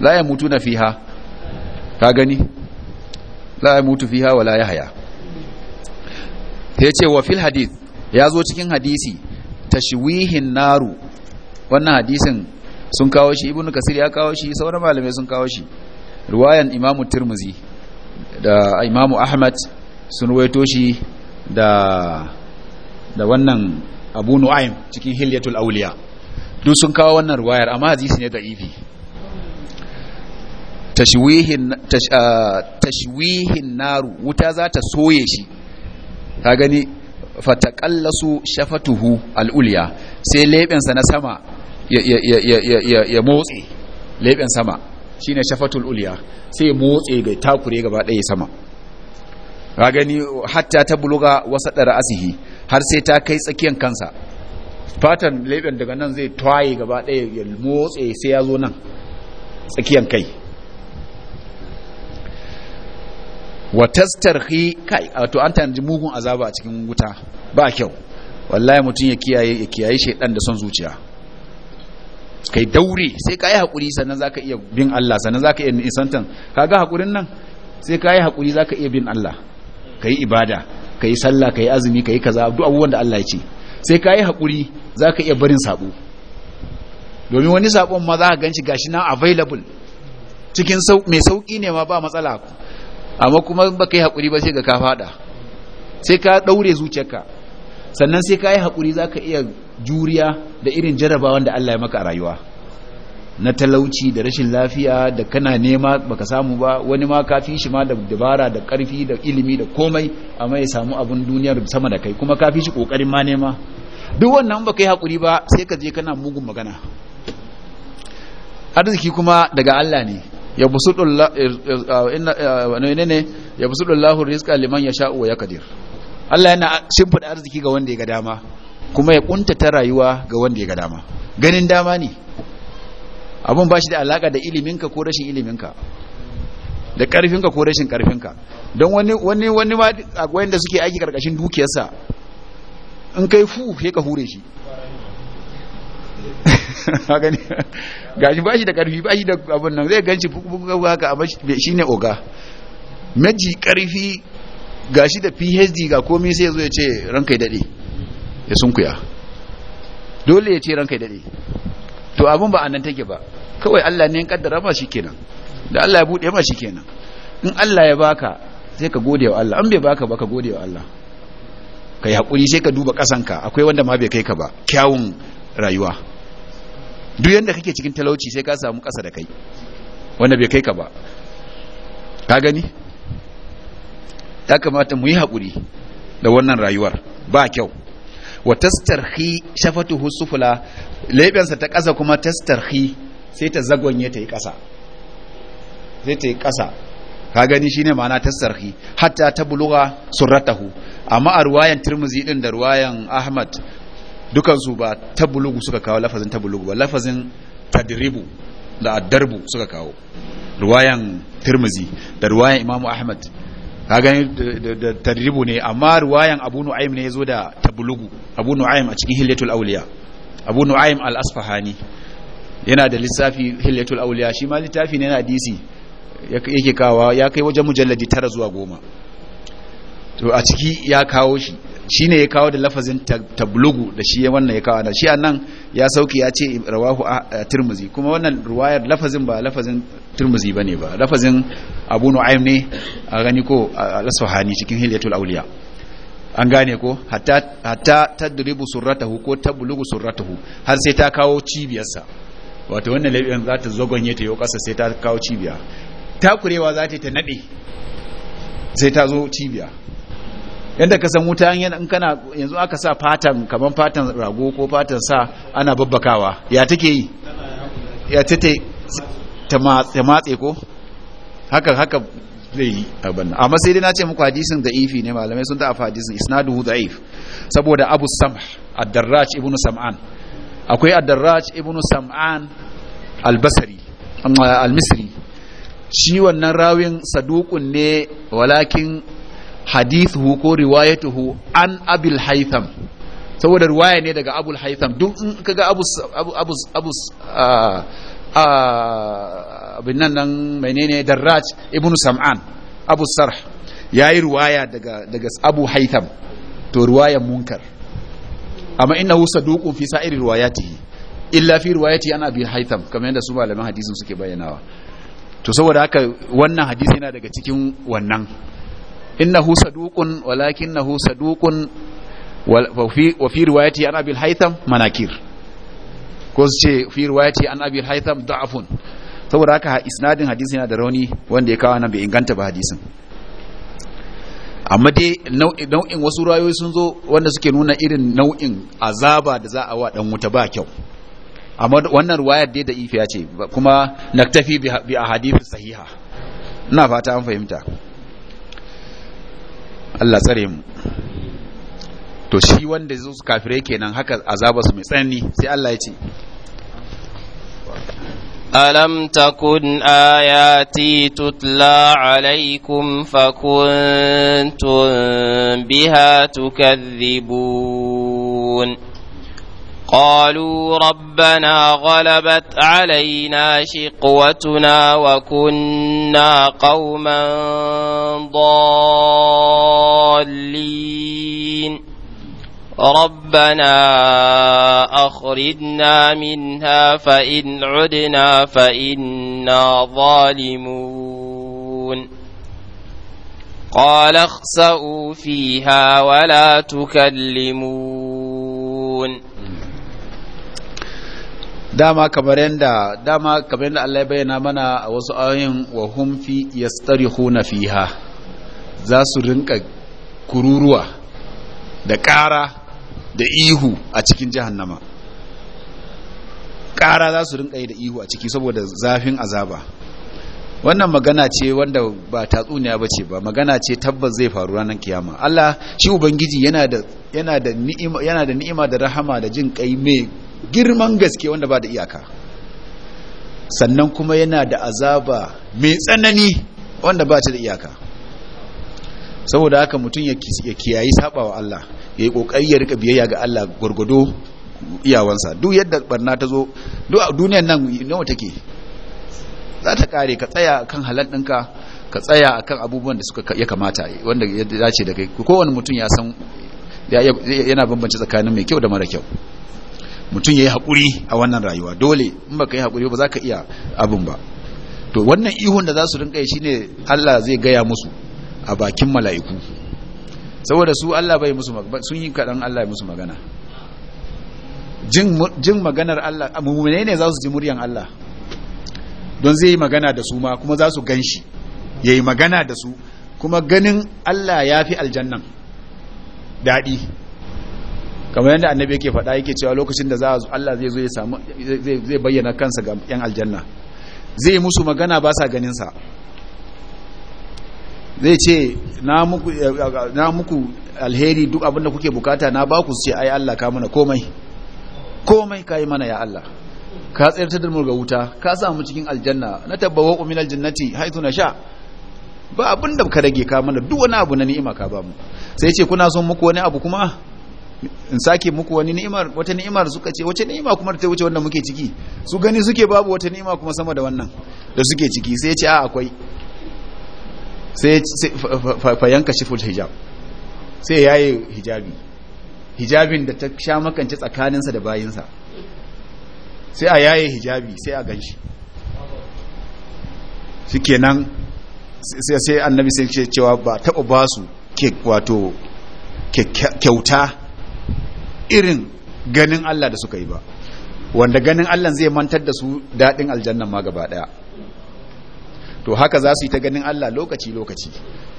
la ya mutu na fiha ka gani la ya mutu fiha wa la ya haya Ya ce wa fil hadith ya zo cikin hadisi tashwihin naru wannan hadisin sun kawo shi ibnu kasir ya kawo shi sauran malamai sun kawo shi riwayan imamu tirmizi da imamu ahmad sun ruwaito shi da da wannan abu nu'aym cikin hilyatul awliya duk sun kawo wannan riwayar amma hadisi ne da'ifi tashwihin ah, tashwihin naru wuta za ta soye shi ka gani fataqallasu shafatuhu al-ulya sai lebensa na sama ya motsi leɓen sama shine shafatul uliya sai ya motse ga takure gaba ɗaya sama ga gani hatta ta buluga wasa ɗara asihi har sai ta kai tsakiyan kansa fatan leɓen daga nan zai twaye gaba ɗaya ya motsi sai ya zo nan tsakiyan kai Wata starhi kai wato an tanji mugun azaba a cikin wuta ba kyau wallahi mutum ya ya kiyaye shaidan da son zuciya kai daure sai ka yi haƙuri sannan za ka iya bin Allah sannan za ka iya nisantan ga haƙurin nan sai ka yi haƙuri za ka iya bin Allah ka yi ibada ka yi sallah ka yi azumi ka yi kaza duk abubuwan da Allah ya ce sai ka yi haƙuri za ka iya barin saɓo domin wani saɓon ma za ka ganci gashi na available cikin mai sauƙi ne ma ba matsala amma kuma ba ka yi haƙuri ba sai ka faɗa sai ka ɗaure zuciyarka sannan sai ka yi haƙuri za ka iya juriya da irin jarabawan da Allah ya maka a rayuwa na talauci da rashin lafiya da kana nema baka samu ba wani ma kafi shi ma da dabara da karfi da ilimi da komai amma ya samu abun duniyar sama da kai kuma kafi shi kokarin ma nema duk wannan baka yi hakuri ba sai ka je kana mugun magana arziki kuma daga Allah ne ya eh, eh, eh, busudullahu rizqa liman yasha'u wa yaqdir Allah yana shimfida arziki ga wanda ya ga dama kuma ya kuntata rayuwa ga wanda ya ga dama ganin dama ne abun ba shi da alaka da iliminka ko rashin iliminka da karfinka ko rashin karfinka don wani wani wani ma akwai da suke aiki karkashin dukiyarsa in kai fu he ka hure shi ga gashi ba shi da karfi ba shi da abun nan zai ganci bugu haka shi ne oga maji karfi gashi da PhD ga komai sai zo ya ce ranka ya dade ya sunkuya dole ya ce ranka dade to abun ba annan take ba kawai Allah ne ya kaddara ma shikenan da Allah ya bude ma shikenan in Allah ya baka sai ka gode wa Allah an bai baka ba ka gode wa Allah ka hakuri sai ka duba kasanka akwai wanda ma bai kai ka ba kyawun rayuwa duk yanda kake cikin talauci sai ka samu kasa da kai wanda bai kai ka ba ka gani ya kamata mu yi hakuri da wannan rayuwar ba kyau wa tastarhi shafatuhu sufula leɓensa ta kasa kuma tastarhi sai ta zagonye ta yi ƙasa sai ta yi ƙasa ka gani shine ma'ana tasarhi hatta ta buluga surratahu amma a ruwayan tirmizi din da ruwayan ahmad dukansu ba ta bulugu suka kawo lafazin ta bulugu ba lafazin tadribu da addarbu suka kawo ruwayan tirmizi da ruwayan imamu ahmad ka gani da tarribu ne amma ruwayan abu nu'aim ne ya zo da tablugu abu nu'aim a cikin hillatul auliya abu nu'aim al-asfahani yana da lissafi hillatul auliya shi ma littafi ne na dc yake kawa ya kai wajen mujalladi tara zuwa goma to a ciki ya kawo shi Shi ne ya kawo da lafazin tablugu da shi wannan ya kawo da shi nan ya sauki ya ce rawahu turmuzi kuma wannan ruwayar lafazin ba lafazin ba ne ba lafazin abu nu'aym ne a gani ko a lasuhani cikin hilyatul auliya an gane ko hatta hatta tadribu surratahu ko tablugu surratahu har sai ta kawo cibiyarsa wato wannan laifin za ta zogonye ta yau kasa sai ta kawo cibiya kurewa za ta ta nade sai ta zo cibiya yadda ka san wuta in kana yanzu aka sa fatan kamar fatan rago ko fatan sa ana babbakawa ya take yi ya take ta matse ko haka haka zai yi abin amma sai dai na ce muku hadisin da ifi ne malamai sun ta'afa hadisin isnadu za'if. saboda abu samh ad-darraj ibnu sam'an akwai ad-darraj ibnu sam'an al-basri al-misri shi wannan rawin saduqun ne walakin hadithu ko riwayatuhu an abil haitham saboda riwaya ne daga abul haitham duk in kaga abu abu abu uh, uh, abin nan nan menene darraj ibnu sam'an abu sarh yayi riwaya daga daga abu haitham to riwaya munkar amma innahu saduqun fi sa'iri riwayatihi illa fi riwayati an abi haitham kamar yadda su malaman hadisin suke bayyanawa to saboda haka wannan hadisi yana daga cikin wannan innahu saduqun walakinahu saduqun wa fi riwayati an abil haitham manakir ko su ce fi riwayati an abil haitham da'afun saboda haka isnadin hadisi yana da rauni wanda ya kawo nan bai inganta ba hadisin amma dai nau'in wasu rayoyi sun zo wanda suke nuna irin nau'in azaba da za a wa dan wuta ba kyau amma wannan ruwayar dai da ifiya ce kuma naktafi bi ahadith sahiha ina fata an fahimta Allah tsare mu to shi wanda zai su kafire kenan haka su mai tsanani sai Allah ya ce alam takun ayati tutla alaikum fakuntun biha tukadhibun قالوا ربنا غلبت علينا شقوتنا وكنا قوما ضالين ربنا أخرجنا منها فإن عدنا فإنا ظالمون قال اخسأوا فيها ولا تكلمون dama kamar yadda dama kamar yadda Allah ya bayyana mana a wasu ayoyin wa hum fi yastarihuna fiha za su rinka kururuwa da ƙara da ihu a cikin jahannama ƙara za su rinka yi da ihu a ciki saboda zafin azaba wannan magana ce wanda ba tatsuniya ba ce ba magana ce tabbas zai faru ranar kiyama Allah shi ubangiji yana da ni'ima da rahama da jin kai mai girman gaske wanda ba da iyaka sannan kuma yana da azaba mai tsanani wanda ba ta da iyaka saboda haka mutum ya kiyayi sabawa Allah ya yi kokari ya rika biyayya ga Allah gwargwado iyawansa duk yadda barna ta zo duk a duniyar nan nawa take za ta kare ka tsaya kan halal ɗinka ka tsaya akan abubuwan da suka ya kamata wanda ya dace da kai kowane mutum ya san yana bambance tsakanin mai kyau da mara kyau mutum ya yi haƙuri a wannan rayuwa dole in ba ka yi haƙuri ba za ka iya abin ba to wannan ihun da za su rinƙa yi shine Allah zai gaya musu a bakin mala'iku saboda su Allah bai musu sun yi kaɗan Allah ya musu magana jin maganar Allah mummune ne za su ji muryan Allah don zai yi magana da su ma kuma za su gan shi ya yi magana da su kuma ganin Allah ya fi aljannan daɗi kamar yadda annabi yake faɗa yake cewa lokacin da za Allah zai zo ya samu zai bayyana kansa ga yan aljanna zai musu magana ba sa ganin sa zai ce na muku na muku alheri duk abinda kuke bukata na ba ku ce ai Allah ka mana komai komai kai mana ya Allah ka tsayar da mu ga wuta ka sa mu cikin aljanna na tabbawa min aljannati na sha ba abinda ka rage ka mana duk wani abu na ni'ima ka ba mu sai ce kuna son muku wani abu kuma in sake muku wani ni'imar wata ni'imar suka ce wace ni'ima kuma ta wuce wannan muke ciki su gani suke babu wata ni'ima kuma sama da wannan da suke ciki sai ya ce a akwai sai fa yanka shiful hijab sai yayi hijabi hijabin da ta sha makance tsakaninsa da bayinsa sai a yaye hijabi sai a ganshi shikenan sai annabi sai ce cewa ba taɓa ba su wato kyauta irin ganin Allah da suka yi ba wanda ganin Allah zai mantar da su daɗin aljannan ma gaba ɗaya to haka za su yi ta ganin Allah lokaci-lokaci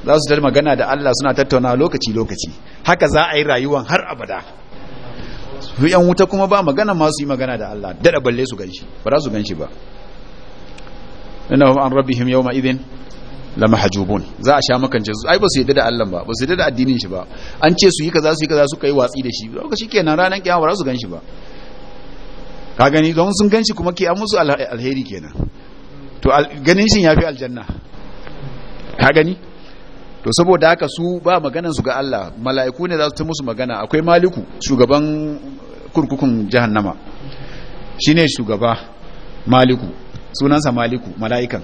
za su ta magana da Allah suna tattauna lokaci-lokaci haka za a yi rayuwan har abada su yan wuta kuma ba magana ma yi magana da Allah daɗa balle su ganshi ba za su ganshi ba ina an rabbihim yawma la mahjubun za a sha makance su ai ba su yadda da Allah ba ba su yadda da addinin shi ba an ce su yi kaza su yi kaza su yi watsi da shi lokaci kenan ranar kiyama ba su ganshi ba ka gani don sun ganshi kuma ke musu alheri kenan to ganin shi yafi aljanna ka gani to saboda haka su ba maganan su ga Allah mala'iku ne za su ta musu magana akwai maliku shugaban kurkukun jahannama shine shugaba maliku sunansa maliku mala'ikan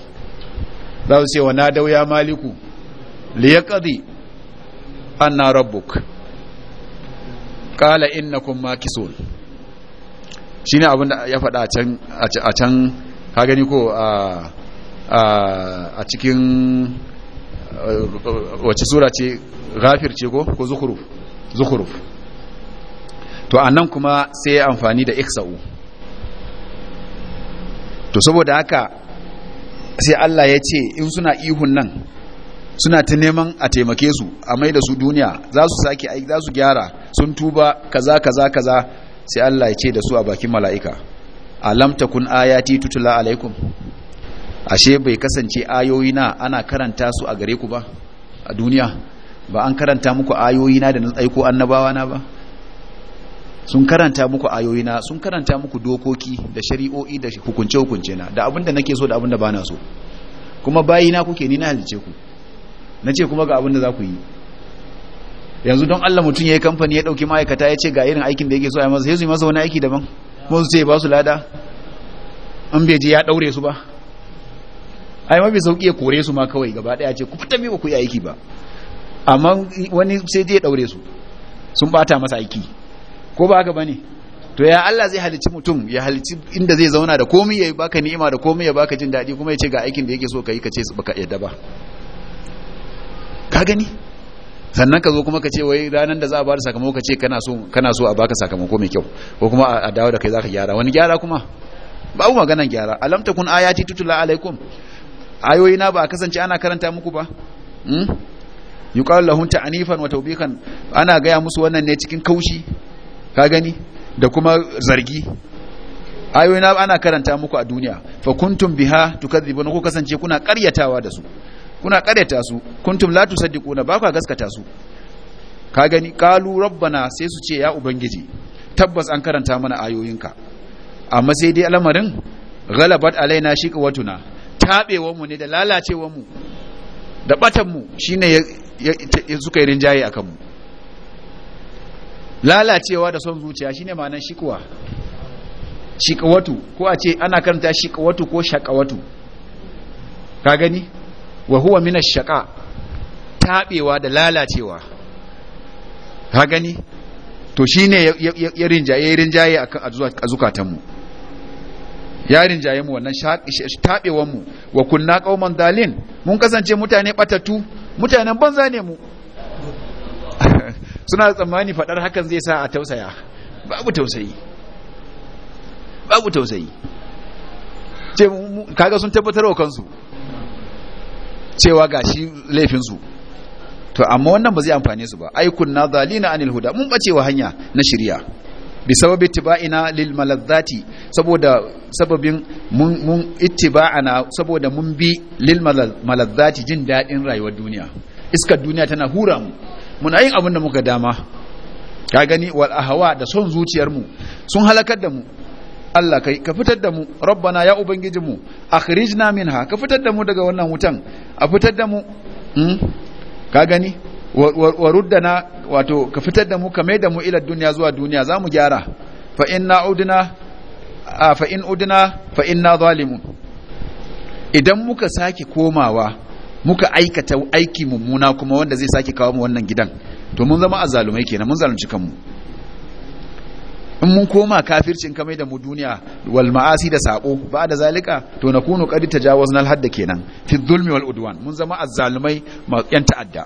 za su ce wa na dauya maliku an na rabbuk qala kuma makisun shine ne abinda ya faɗa a can ka gani ko a cikin wace sura ce ghafir ce ko ko zukuruf to annan kuma sai amfani da iksa'u to saboda haka sai Allah ya ce in suna ihun nan suna ta neman a taimake su a mai da su duniya za su sake aiki za su gyara sun tuba kaza kaza kaza sai Allah ya ce da su a bakin mala'ika alam takun ayati tutula alaikum ashe bai kasance ayoyi na ana karanta su a gare ku ba a duniya ba an karanta muku ayoyi na da na tsaiko annabawa na ba sun karanta muku ayoyina sun karanta muku dokoki da shari'o'i da hukunce-hukunce na da abinda nake so da abinda ba na so kuma bayina kuke ni na halice ku na ce kuma ga abinda za ku yi yanzu don Allah mutum ya yi kamfani ya ɗauki ma'aikata ya ce ga irin aikin da yake so a yi masa wani aiki daban kuma su ce ba su lada an bai je ya ɗaure su ba ai mafi sauƙi ya kore su ma kawai gaba daya ce ku fita biyu ku yi aiki ba amma wani sai je ya ɗaure su sun bata masa aiki ko ba haka bane to ya Allah zai halicci mutum ya halicci inda zai zauna da komai ya baka ni'ima da komai ya baka jin daɗi kuma ya ce ga aikin da yake so ka yi ka ce baka yadda ba ka gani sannan ka zo kuma ka ce wai ranar da za a bada sakamako ka ce kana so a baka sakamako mai kyau ko kuma a dawo da kai za ka gyara wani gyara kuma Ba mu maganan gyara alam takun ayati tutula alaikum ayoyi na ba kasance ana karanta muku ba hmm? yuqalu lahum ta'anifan wa ubikan. ana gaya musu wannan ne cikin kaushi ka gani da kuma zargi ayoyi na ana karanta muku a duniya fa kuntum biha tukadhibun ku kasance kuna karyatawa da su kuna karyata su kuntum la tusaddiquna ba ku gaskata su ka gani qalu rabbana sai su ce ya ubangiji tabbas an karanta mana ayoyinka amma sai dai al'amarin ghalabat alaina shiqwatuna tabewan mu ne da lalacewar mu da batan mu shine ya suka yi rinjaye akan mu lalacewa da son zuciya shine ma'anar shikwa shikawatu ko a ce ana karanta shikawatu ko shakawatu ka gani wa huwa min ash-shaqa tabewa da lalacewa ka gani to shine ya rinjaye rinjaye akan azukatan mu ya rinjaye mu wannan tabewan mu wa kunna qauman dalin mun kasance mutane batatu mutanen banza ne mu suna tsammani faɗar hakan zai sa a tausaya babu tausayi babu tausayi ce kaga sun tabbatar wa kansu cewa gashi laifinsu to amma wannan ba zai amfane su ba aikun na zalina anil huda mun wa hanya na shirya bi sababi tiba'ina lil malazzati saboda sababin mun mun ittiba'ana saboda mun bi lil malazzati jin dadin rayuwar duniya iskar duniya tana hura mu muna yin abin da muka dama ka gani wal ahawa da son zuciyar mu sun halakar da mu Allah kai ka fitar da mu rabbana ya ubangiji mu akhrijna minha ka fitar da mu daga wannan wutan a fitar da mu hmm? ka gani wa ruddana wato ka fitar da mu ka mai da mu ila duniya zuwa duniya zamu gyara fa inna udna fa in udna fa inna zalimun idan muka sake komawa muka aikata aiki mummuna kuma wanda zai sake kawo mu wannan gidan to mun zama azalumai kenan mun zalunci kanmu in mun koma kafircin kamai da mu duniya wal ma'asi da sako ba da zalika to na kunu kadi tajawazna al hadda kenan fi dhulmi wal udwan mun zama azzalumai ma yan ta'adda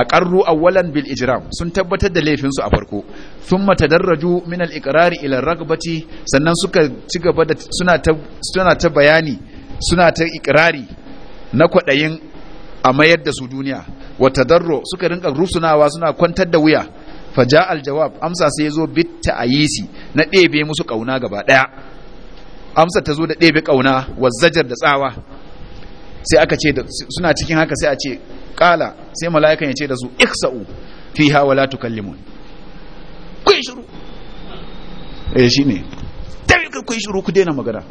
aqarru awwalan bil ijram sun tabbatar da laifin su a farko thumma tadarraju min al iqrar ila ragbati sannan suka ci da suna ta bayani suna ta ikirari na kwaɗayin a mayar da su duniya wata darro suka rinka rusunawa suna kwantar da wuya faja aljawab amsa sai ya zo bitta a yisi na ɗebe musu ƙauna gaba ɗaya amsa ta zo da ɗebe ƙauna wazzajar da tsawa sai aka ce suna cikin haka sai a ce ƙala sai mala'ikan ya ce da su iksa'u fi hawa la tukallimun kun shiru eh shine tabi kun shiru ku daina magana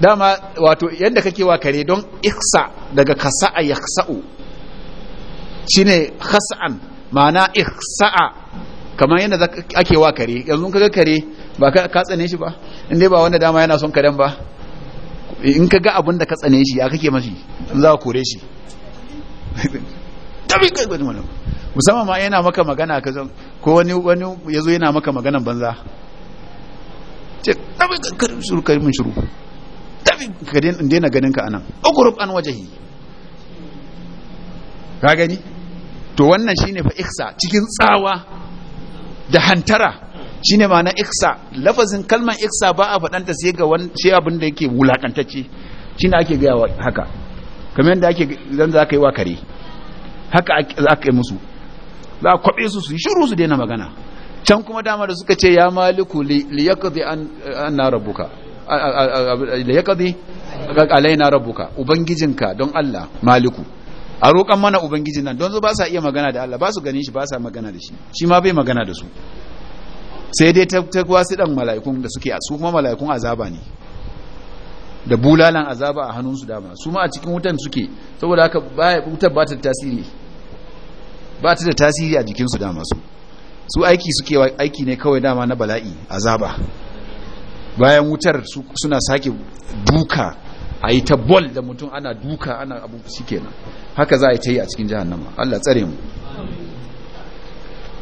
dama wato yadda kake wa kare don iksa daga kasa'a yaksa'u shine hasa'an ma'ana iksa'a kamar yadda ake wa kare yanzu kaga kare ba ka tsane shi ba in ba wanda dama yana son karen ba in ka ga abin da ka tsane shi ya kake mashi in za ka kore shi tabi kai gwani wani musamman ma yana maka magana ka zan ko wani wani ya zo yana maka maganan banza ce tabi kai shuru kai mun shuru tafi ka daina ganin ka anan ukurub an wajahi ka gani to wannan shine fa iksa cikin tsawa da hantara shine ma'ana iksa lafazin kalmar iksa ba a faɗanta sai ga wani sai abin da yake wulakantacce shine ake gaya wa haka kamar yadda ake zan za ka yi wa kare haka za ka yi musu za a kwaɓe su su yi shiru su daina magana can kuma dama da suka ce ya maliku li an na ya kadi alaina rabbuka ubangijinka don Allah maliku a roƙan mana ubangijin nan don zo ba sa iya magana da Allah ba su ganin shi ba sa magana da shi shi ma bai magana da su sai dai ta wasu dan mala'ikun da suke a su kuma mala'ikun azaba ne da bulalan azaba a hannun su dama su ma a cikin wutan suke saboda haka wutar ba ta da tasiri ba ta da tasiri a su dama su su aiki suke aiki ne kawai dama na bala'i azaba bayan wutar suna sake duka a yi ta bol da mutum ana duka ana abu shi kenan haka za a yi ta yi a cikin nama Allah tsare mu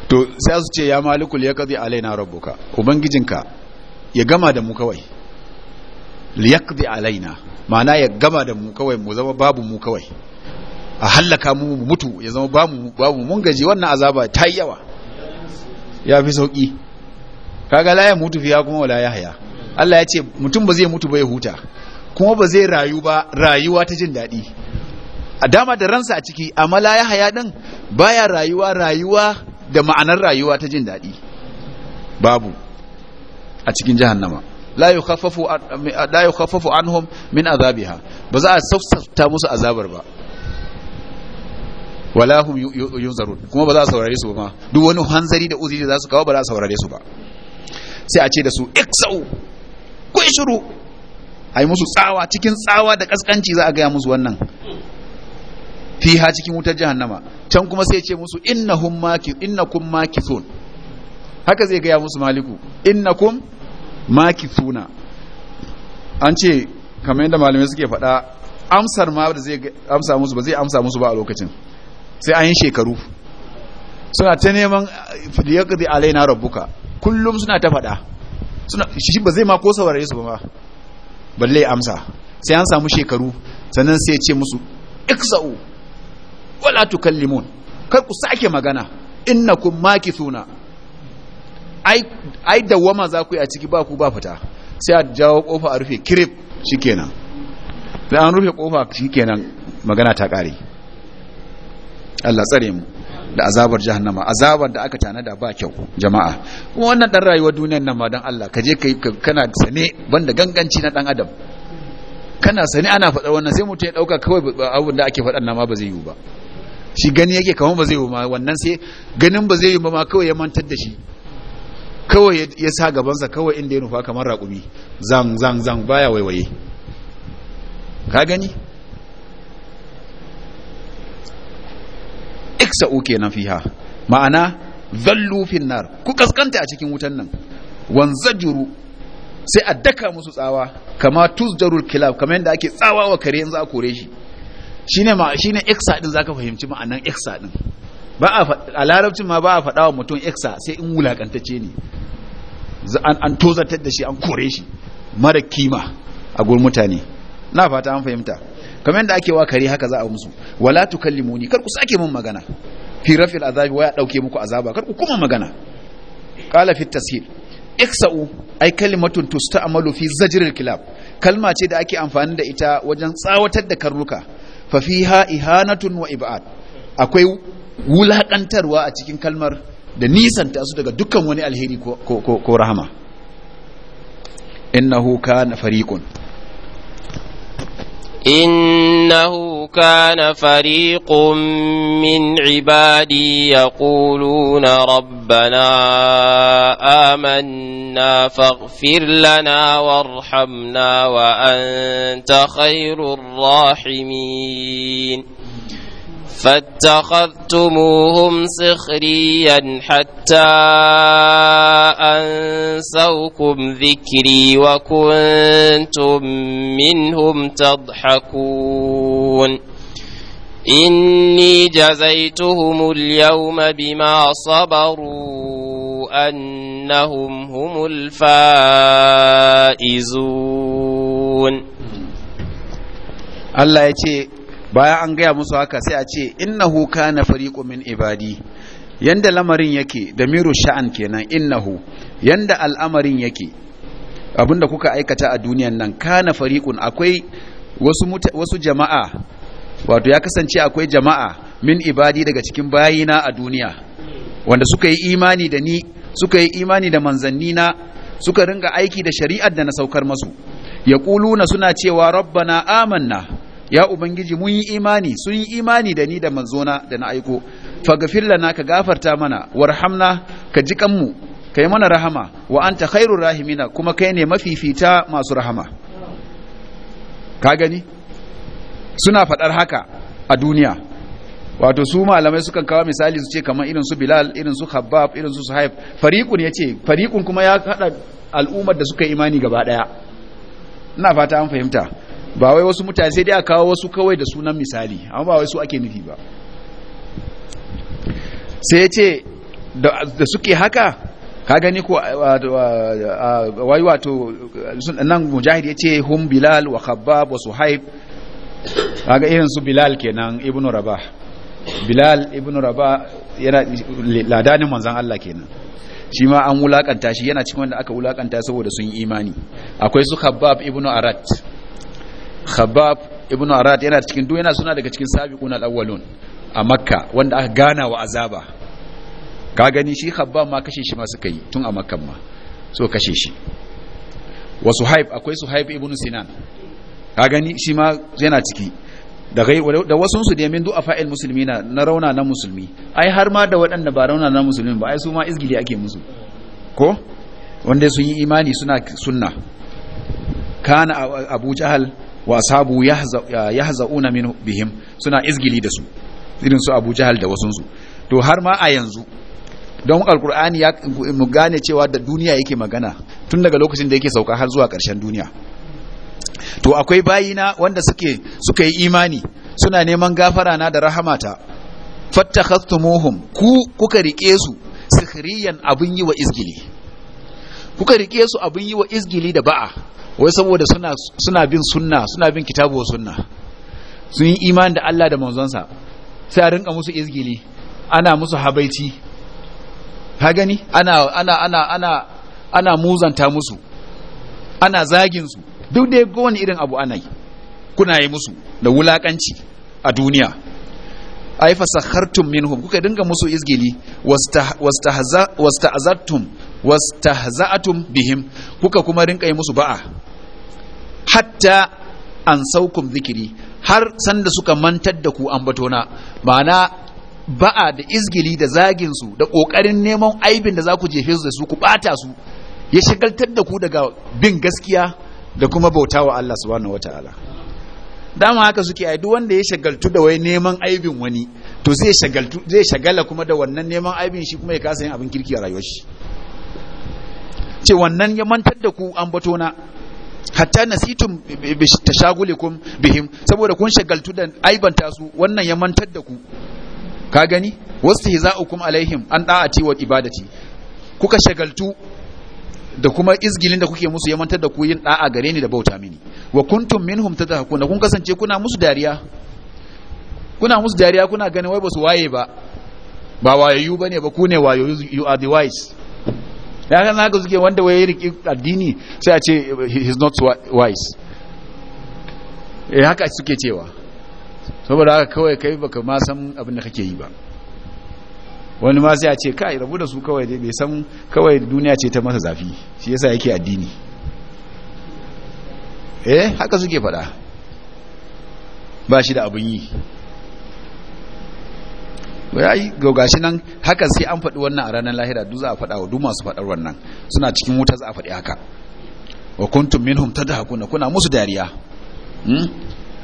to sai su ce ya malikul ya kazi alaina rabbuka ubangijinka ya gama da mu kawai liyaqdi alaina ma'ana ya gama da mu kawai mu zama babu mu kawai a hallaka mu mutu ya zama babu babu mun gaji wannan azaba ta yawa ya fi sauki kaga la ya mutu fiya kuma wala ya haya Allah ya ce mutum ba zai mutu ba ya huta kuma ba zai rayu ba rayuwa ta jin daɗi a dama da ransa a ciki amma la ya haya din baya rayuwa rayuwa da ma'anar rayuwa ta jin daɗi babu a cikin jahannama la yukhaffafu la yukhaffafu anhum min azabiha ba za a sassafta musu azabar ba wala hum yunzarun kuma ba za a saurare su ba duk wani hanzari da uzuri da za su kawo ba za a saurare su ba sai a ce da su iksau ku shiru ai musu tsawa cikin tsawa da kaskanci za a gaya musu wannan fiha cikin wutar jahannama can kuma sai ce musu innahum maki innakum makithun haka zai gaya musu maliku innakum makithuna an ce kamar yadda malamai suke faɗa amsar ma da zai amsa musu ba zai amsa musu ba a lokacin sai an yi shekaru suna ta neman liyaqdi alaina rabbuka kullum suna ta faɗa suna shi ba zai ma ko saurare su ba Ba balle amsa sai an samu shekaru sannan sai ya ce musu iksa'u wala tukallimun kar ku sake magana innakum makithuna ai ai dawama za ku yi a ciki ba ku ba fita sai a jawo kofa a rufe kirif shikenan sai an rufe kofa shikenan magana ta kare Allah tsare mu da azabar jahannama azabar da aka tanada ba kyau jama'a wannan dan rayuwar duniyar nan ma dan Allah ka je kai kana sane banda ganganci na dan adam kana sane ana faɗar wannan sai mutum ya dauka kawai abin da ake faɗan nan ma ba zai yi ba shi gani yake kamar ba zai yi ma wannan sai ganin ba zai yi ba ma kawai ya mantar da shi kawai ya sa gabansa kawai inda ya nufa kamar raƙumi zan zan zan baya waiwaye ka gani uke kenan fiha ma'ana zallu finnar ku kaskanta a cikin wutan nan wanzajuru sai a daka musu tsawa kama tuzjarul kilab kamar yadda ake tsawa wa kare yanzu a kore shi shine ma shine iksa din zaka fahimci ma'anan iksa din ba a larabcin ma ba a faɗa wa mutum iksa sai in wulakantacce ne an tozatar da shi an kore shi mara kima a gurin mutane na fata an fahimta kamar yadda ake wa kare haka za a musu wala tukallimuni kar ku sake mun magana fi rafil azabi waya dauke muku azaba kar ku kuma magana qala fi tashil iksa'u ai kalimatun tusta'malu fi zajril kilab kalma ce da ake amfani da ita wajen tsawatar da karnuka fa fiha ihanatun wa ib'ad akwai wulakantarwa a cikin kalmar da nisanta su daga dukkan wani alheri ko rahama innahu kana fariqun إنه كان فريق من عبادي يقولون ربنا آمنا فاغفر لنا وارحمنا وأنت خير الراحمين فاتخذتموهم سخريا حتى أنسوكم ذكري وكنتم منهم تضحكون إني جزيتهم اليوم بما صبروا أنهم هم الفائزون الله يتي bayan an gaya musu haka sai a ce innahu kana fariqu min ibadi yanda lamarin yake da miru sha'an kenan innahu yanda al'amarin yake abinda kuka aikata a duniyan nan kana fariqun akwai wasu wasu jama'a wato ya kasance akwai jama'a min ibadi daga cikin bayina a duniya wanda suka yi imani da ni suka yi imani da manzannina suka ringa aiki da shari'ar da na saukar masu yaquluna suna cewa rabbana amanna ya ubangiji mun yi imani sun yi imani da ni da manzona da na aiko faghfir lana ka gafarta mana warhamna ka ji kanmu kai mana rahama wa anta khairur rahimina kuma kai ne mafifita masu rahama ka gani suna faɗar haka a duniya wato su malamai sukan kawo misali su ce kamar irin su bilal irin su habab irin su suhaib fariqun yace fariqun kuma ya hada al'ummar da suka imani gaba daya ina fata an fahimta ba wai wasu mutane sai dai a kawo wasu kawai da sunan misali amma ba wai su ake nufi ba sai ya ce da suke haka ka gani ko wai wato nan mujahid ya ce hun bilal wa khabbab wa suhaib kaga irin su bilal kenan ibnu rabah bilal ibnu rabah yana ladanin manzon Allah kenan shi ma an wulakanta shi yana cikin wanda aka wulakanta saboda sun yi imani akwai su khabbab ibnu arat khabab ibn arad yana cikin duk yana suna daga cikin sabiqun al-awwalun a makka wanda aka gana wa azaba ka gani shi khabab ma kashe shi ma suka yi tun a makkan ma so kashe shi wa suhaib akwai suhaib ibn sinan ka gani shi ma yana ciki da da wasu su da min du'a fa'il muslimina na rauna na musulmi ai har ma da waɗanda ba rauna na musulmi ba ai su ma izgili ake musu ko wanda sun yi imani suna sunna kana abu jahal wa ya yahza'una min bihim suna izgili da su irin su Abu Jahal da wasunsu to har ma a yanzu don alkur'ani ya mu gane cewa da duniya yake magana tun daga lokacin da yake sauka har zuwa ƙarshen duniya to akwai bayina wanda suke suka yi imani suna neman gafara na da rahamata fattakhattumuhum ku kuka rike su sikhriyan abun yi wa izgili kuka rike su abun yi wa izgili da ba'a wai saboda suna bin sunna suna bin kitabu sunna sun yi imani da Allah da manzonsa sai a rinka musu izgili ana musu habaici ha gani ana ana muzanta musu ana zagin su duk dai kowane irin abu ana yi kuna yi musu da wulakanci a duniya ai fasakhartum minhum kuka dinga musu izgili wastahzattum wastahza'atum bihim kuka kuma rinka yi musu ba'a hatta an saukum zikiri har sanda suka mantar da ku ambatona ma'ana ba'a da izgili da zagin su da kokarin neman aibin da za ku jefe su da su ku bata su ya shagaltar da ku daga bin gaskiya da kuma bautawa Allah subhanahu wataala dama haka suke ai duk wanda ya shagaltu da wai neman aibin wani to zai shagaltu zai shagala kuma da wannan neman aibin shi kuma ya kasa yin abin kirki a rayuwar shi ce wannan ya mantar da ku na? hatta nasitum tashagulikum bihim saboda kun shagaltu da aibanta su wannan ya mantar da ku ka gani Wasu wastihza'ukum alaihim an da'ati wa ibadati kuka shagaltu da kuma izgilin da kuke musu ya mantar da ku yin da'a gare ni da bauta mini wa kuntum minhum tadhakuna kun kasance kuna musu dariya kuna musu dariya kuna ganin wai ba su waye ba ba wayayyu bane ba ku ne wayoyu you are the wise ya kan haka suke wanda waye riki addini sai a ce he is not wise eh haka suke cewa saboda haka kawai kai baka ma san abin da kake yi ba wani ma sai a ce kai rabu da su kawai dai bai san kawai duniya ce ta masa zafi shi yasa yake addini eh haka suke faɗa ba shi da abin yi yayi ga nan haka sai an faɗi wannan a ranar lahira duk za a faɗa wa duk masu faɗar wannan suna cikin wuta za a faɗi haka wa kuntum minhum tadhakuna kuna musu dariya hmm,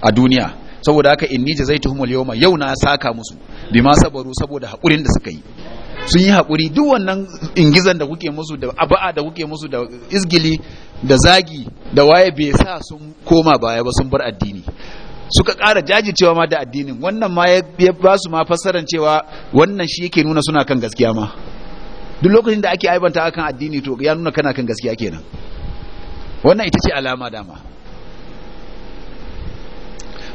a duniya saboda haka inni al yawma yau na saka musu bima sabaru saboda hakurin da suka yi sun yi hakuri duk wannan ingizan da kuke musu da aba'a da kuke musu da izgili da zagi da waye bai sa sun koma baya ba sun bar addini suka ƙara jajicewa ma da addinin wannan ma ya ba su ma fassaran cewa wannan shi yake nuna suna kan gaskiya ma duk lokacin da ake aibanta akan addini to ya nuna kana kan gaskiya kenan wannan ita ce alama dama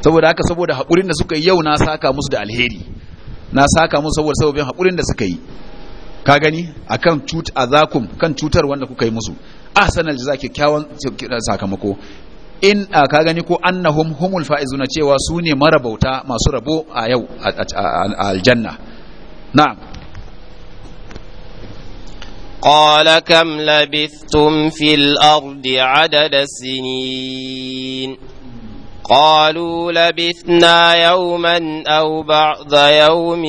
saboda haka saboda haƙurin da suka yi yau na saka musu da alheri na saka musu saboda sababin haƙurin da suka yi ka gani a cut kan cutar wanda kuka yi musu ahsanal jaza kyakkyawan sakamako in a ka gani ko annahum humul fa'izuna cewa su ne marabauta masu rabo a yau a aljanna na qala kam labithtum fil ardi adada sinin قالوا لبثنا يوما أو بعض يوم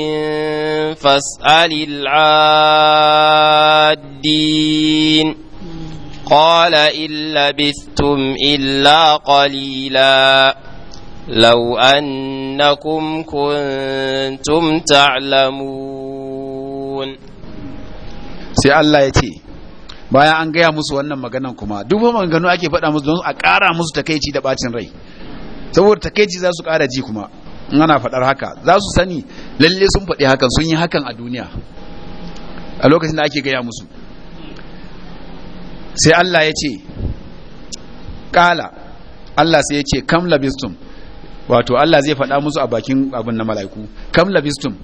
فاسأل العادين قال إن لبثتم إلا قليلا لو أنكم كنتم تعلمون sai Allah ya ce bayan an gaya musu wannan maganan kuma duk ba ake faɗa musu don a ƙara musu takaici da ɓacin rai saboda takaici za su ƙara ji kuma in ana faɗar haka za su sani lalle sun faɗi hakan sun yi hakan a duniya a lokacin da ake gaya musu sai Allah ya ce ƙala Allah sai ya ce kam labistum wato Allah zai faɗa musu a bakin abin na mala'iku kam labistum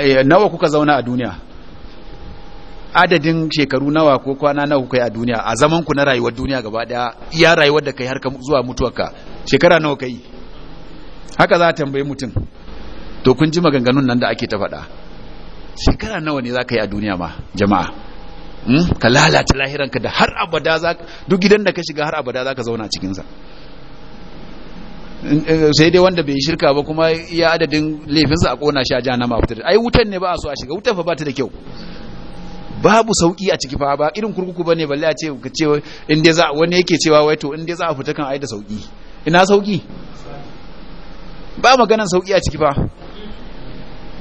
eh, nawa kuka zauna a duniya adadin shekaru nawa ko kwana nawa kuka yi a duniya a zaman ku na rayuwar duniya gaba daya ya rayuwar da kai har zuwa mutuwarka shekara nawa kai haka za a tambaye mutum to kun ji maganganun nan da ake ta faɗa shekara nawa ne za ka yi a duniya ma jama'a Hmm? ka lalata lahiranka da har abada za duk gidan da ka shiga har abada za ka zauna cikinsa eh, sai dai wanda bai shirka ba kuma ya adadin laifinsa a kona shi a ma fitar ai wutan ne ba a so a shiga wutan fa ba ta da kyau babu sauki a ciki fa ba irin kurkuku bane balle a ce ka ce in dai za wani yake cewa wai to in dai za a fita kan ai da sauki ina sauki ba maganan sauki a ciki fa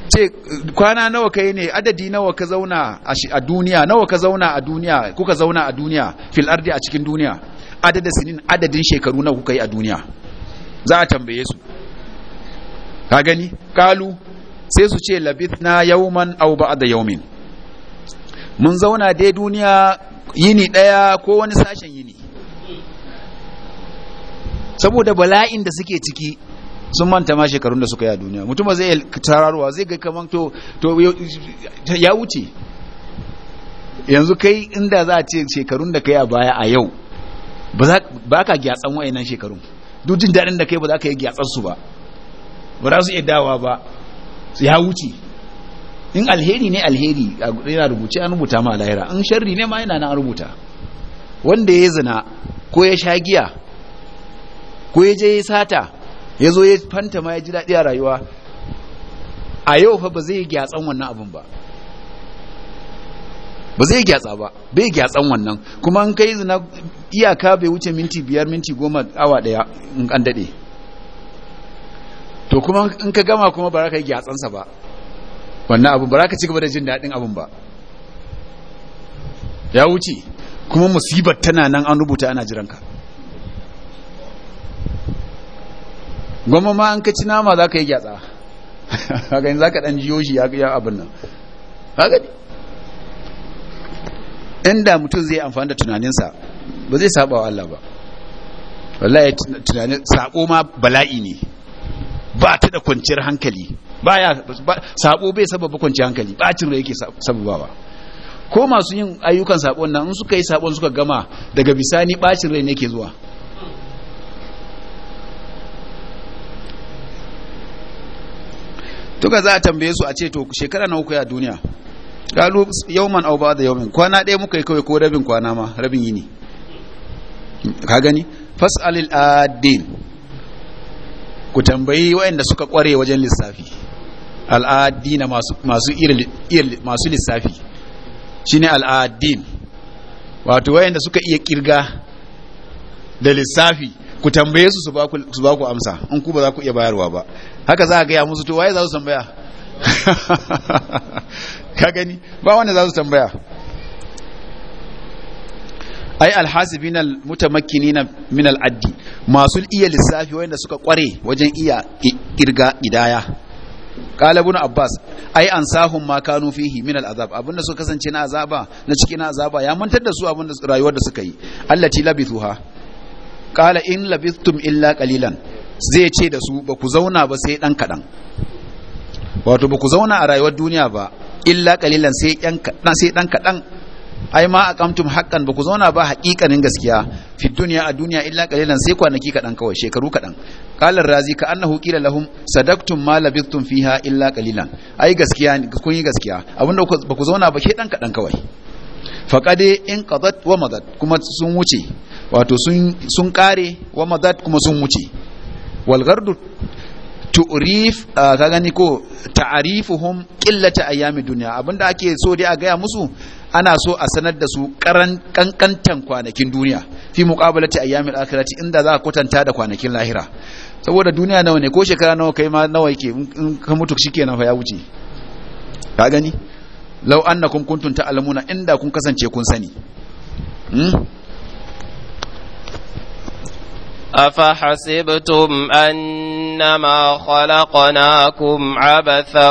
ce kwana nawa kai ne adadi nawa ka zauna a duniya nawa ka zauna a duniya kuka zauna a duniya fil ardi a cikin duniya adada sinin adadin shekaru nawa kuka yi a duniya za a tambaye su ka gani kalu sai su ce labithna yawman aw ba'da yawmin mun zauna dai duniya yini daya ko wani sashen yini saboda bala'in da suke ciki sun manta ma shekarun da suka yi a duniya mutum zai tararwa zai ga kamar to ya wuce yanzu kai inda za a ce shekarun da kai a baya a yau ba ka gyatsan wa'annan shekarun duk jin daɗin da kai ba za ka yi gyatsan su ba ba za su iya dawa ba ya wuce in alheri ne alheri yana rubuce an rubuta ma lahira in sharri ne ma yana nan rubuta wanda ya zina ko ya sha giya ko ya je ya sata ya zo ya fanta ma ya ji daɗi a rayuwa a yau fa ba zai yi gyatsan wannan abin ba ba zai gyatsa ba bai gyatsan wannan kuma an kai zina iyaka bai wuce minti biyar minti goma awa daya in an daɗe to kuma in ka gama kuma ba za ka yi gyatsansa ba wannan abin ba za ka ci gaba da jin daɗin abin ba ya wuce kuma musibar tana nan an rubuta ana jiranka goma ma an ka ci nama za ka yi gyatsa haka yin za ka ɗan jiyo shi ya abin nan haka ne inda mutum zai amfani da tunaninsa ba zai saba wa Allah ba wallahi tunanin sako ma bala'i ne ba ta da kwanciyar hankali Ba ya sako bai sababa kwanciyar hankali bacin rai yake sababawa ko masu yin ayyukan sakon nan in suka yi sakon suka gama daga bisani bacin rai ne ke zuwa tuka za a tambaye su a ce to shekara na uku a duniya galu yauman au da yaumin kwana ɗaya muka yi kawai ko rabin kwana ma rabin yini ka gani fas'alil adin ku tambayi waɗanda suka kware wajen lissafi al'adina masu masu lissafi shine al'adin wato waɗanda suka iya kirga da lissafi ku tambaye su su ba ku amsa in ku ba za ku iya bayarwa ba haka za a gaya musu to waye za su tambaya ka gani ba wanda za su tambaya ai alhasibin almutamakkinina min al'addi masu iya lissafi wanda suka kware wajen iya kirga idaya qala ibn abbas ai ansahum ma kanu fihi min al'azab abinda suka kasance na azaba na cikin azaba ya mantar da su abinda rayuwar da suka yi allati labithuha qala in labithtum illa qalilan zai ce da su ba ku zauna ba sai ɗan kaɗan wato ba ku zauna a rayuwar duniya ba illa kalilan sai ɗan kaɗan ai ma akamtum haƙƙan ba ku zauna ba haƙiƙanin gaskiya fi duniya a duniya illa qalilan sai kwanaki kaɗan kawai shekaru kaɗan qala razi ka annahu qila lahum sadaqtum ma labithtum fiha illa qalilan ai gaskiya kun yi gaskiya abinda ba ku zauna ba ke ɗan kaɗan kawai faƙade in qadat wa madat kuma sun wuce wato sun sun kare wa madat kuma sun wuce walgardu tu'rif ka gani ko ta'rifuhum qillata ayami dunya abinda ake so dai a gaya musu ana so a sanar da su karan kankantan kwanakin duniya fi muqabalati ayami akhirati inda za ka kwatanta da kwanakin lahira saboda duniya nawa ne ko shekara nawa kai ma nawa yake in ka mutu fa ya wuce ka gani law annakum kuntum ta'lamuna inda kun kasance kun sani أفحسبتم أنما خلقناكم عبثا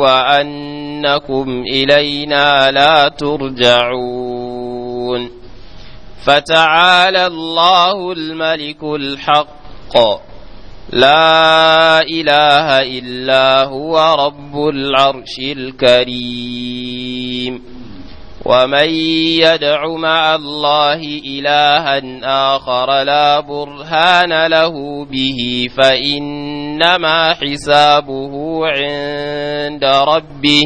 وأنكم إلينا لا ترجعون فتعالى الله الملك الحق لا إله إلا هو رب العرش الكريم ومن يدع مع الله إلها آخر لا برهان له به فإنما حسابه عند ربه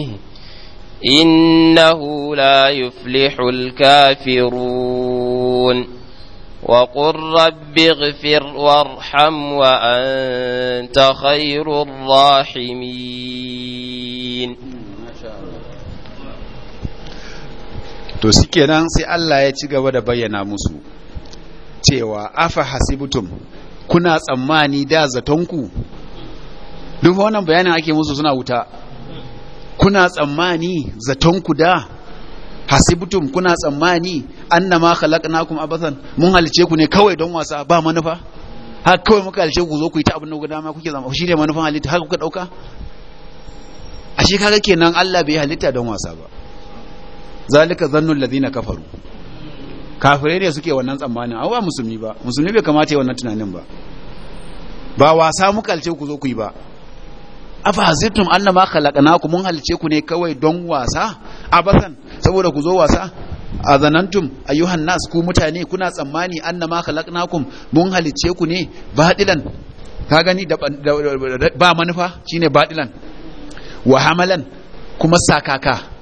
إنه لا يفلح الكافرون وقل رب اغفر وارحم وأنت خير الراحمين to shikenan sai Allah ya ci gaba da bayyana musu cewa afa hasibtum kuna tsammani da zatonku duk wannan bayanin ake musu suna wuta kuna tsammani zatonku da hasibtum kuna tsammani annama khalaqnakum abathan mun halice ku ne kawai don wasa ba manufa Ha kawai muka halice ku zo ku yi ta abin da guda ma kuke zama shine manufan halitta har kuka dauka ashe kaga kenan Allah bai halitta don wasa ba zalika zannun ladina kafaru Kafire ne suke wannan tsammanin ba musulmi ba musulmi bai kamata yi wannan tunanin ba ba wasa kalce ku zo ku yi ba afa hazittum annama khalaqnakum mun halice ku ne kawai don wasa abasan saboda ku zo wasa azanantum ayyuhan nas ku mutane kuna tsammani annama khalaqnakum mun halice ku ne badilan ka gani da ba manufa shine badilan wa hamalan kuma sakaka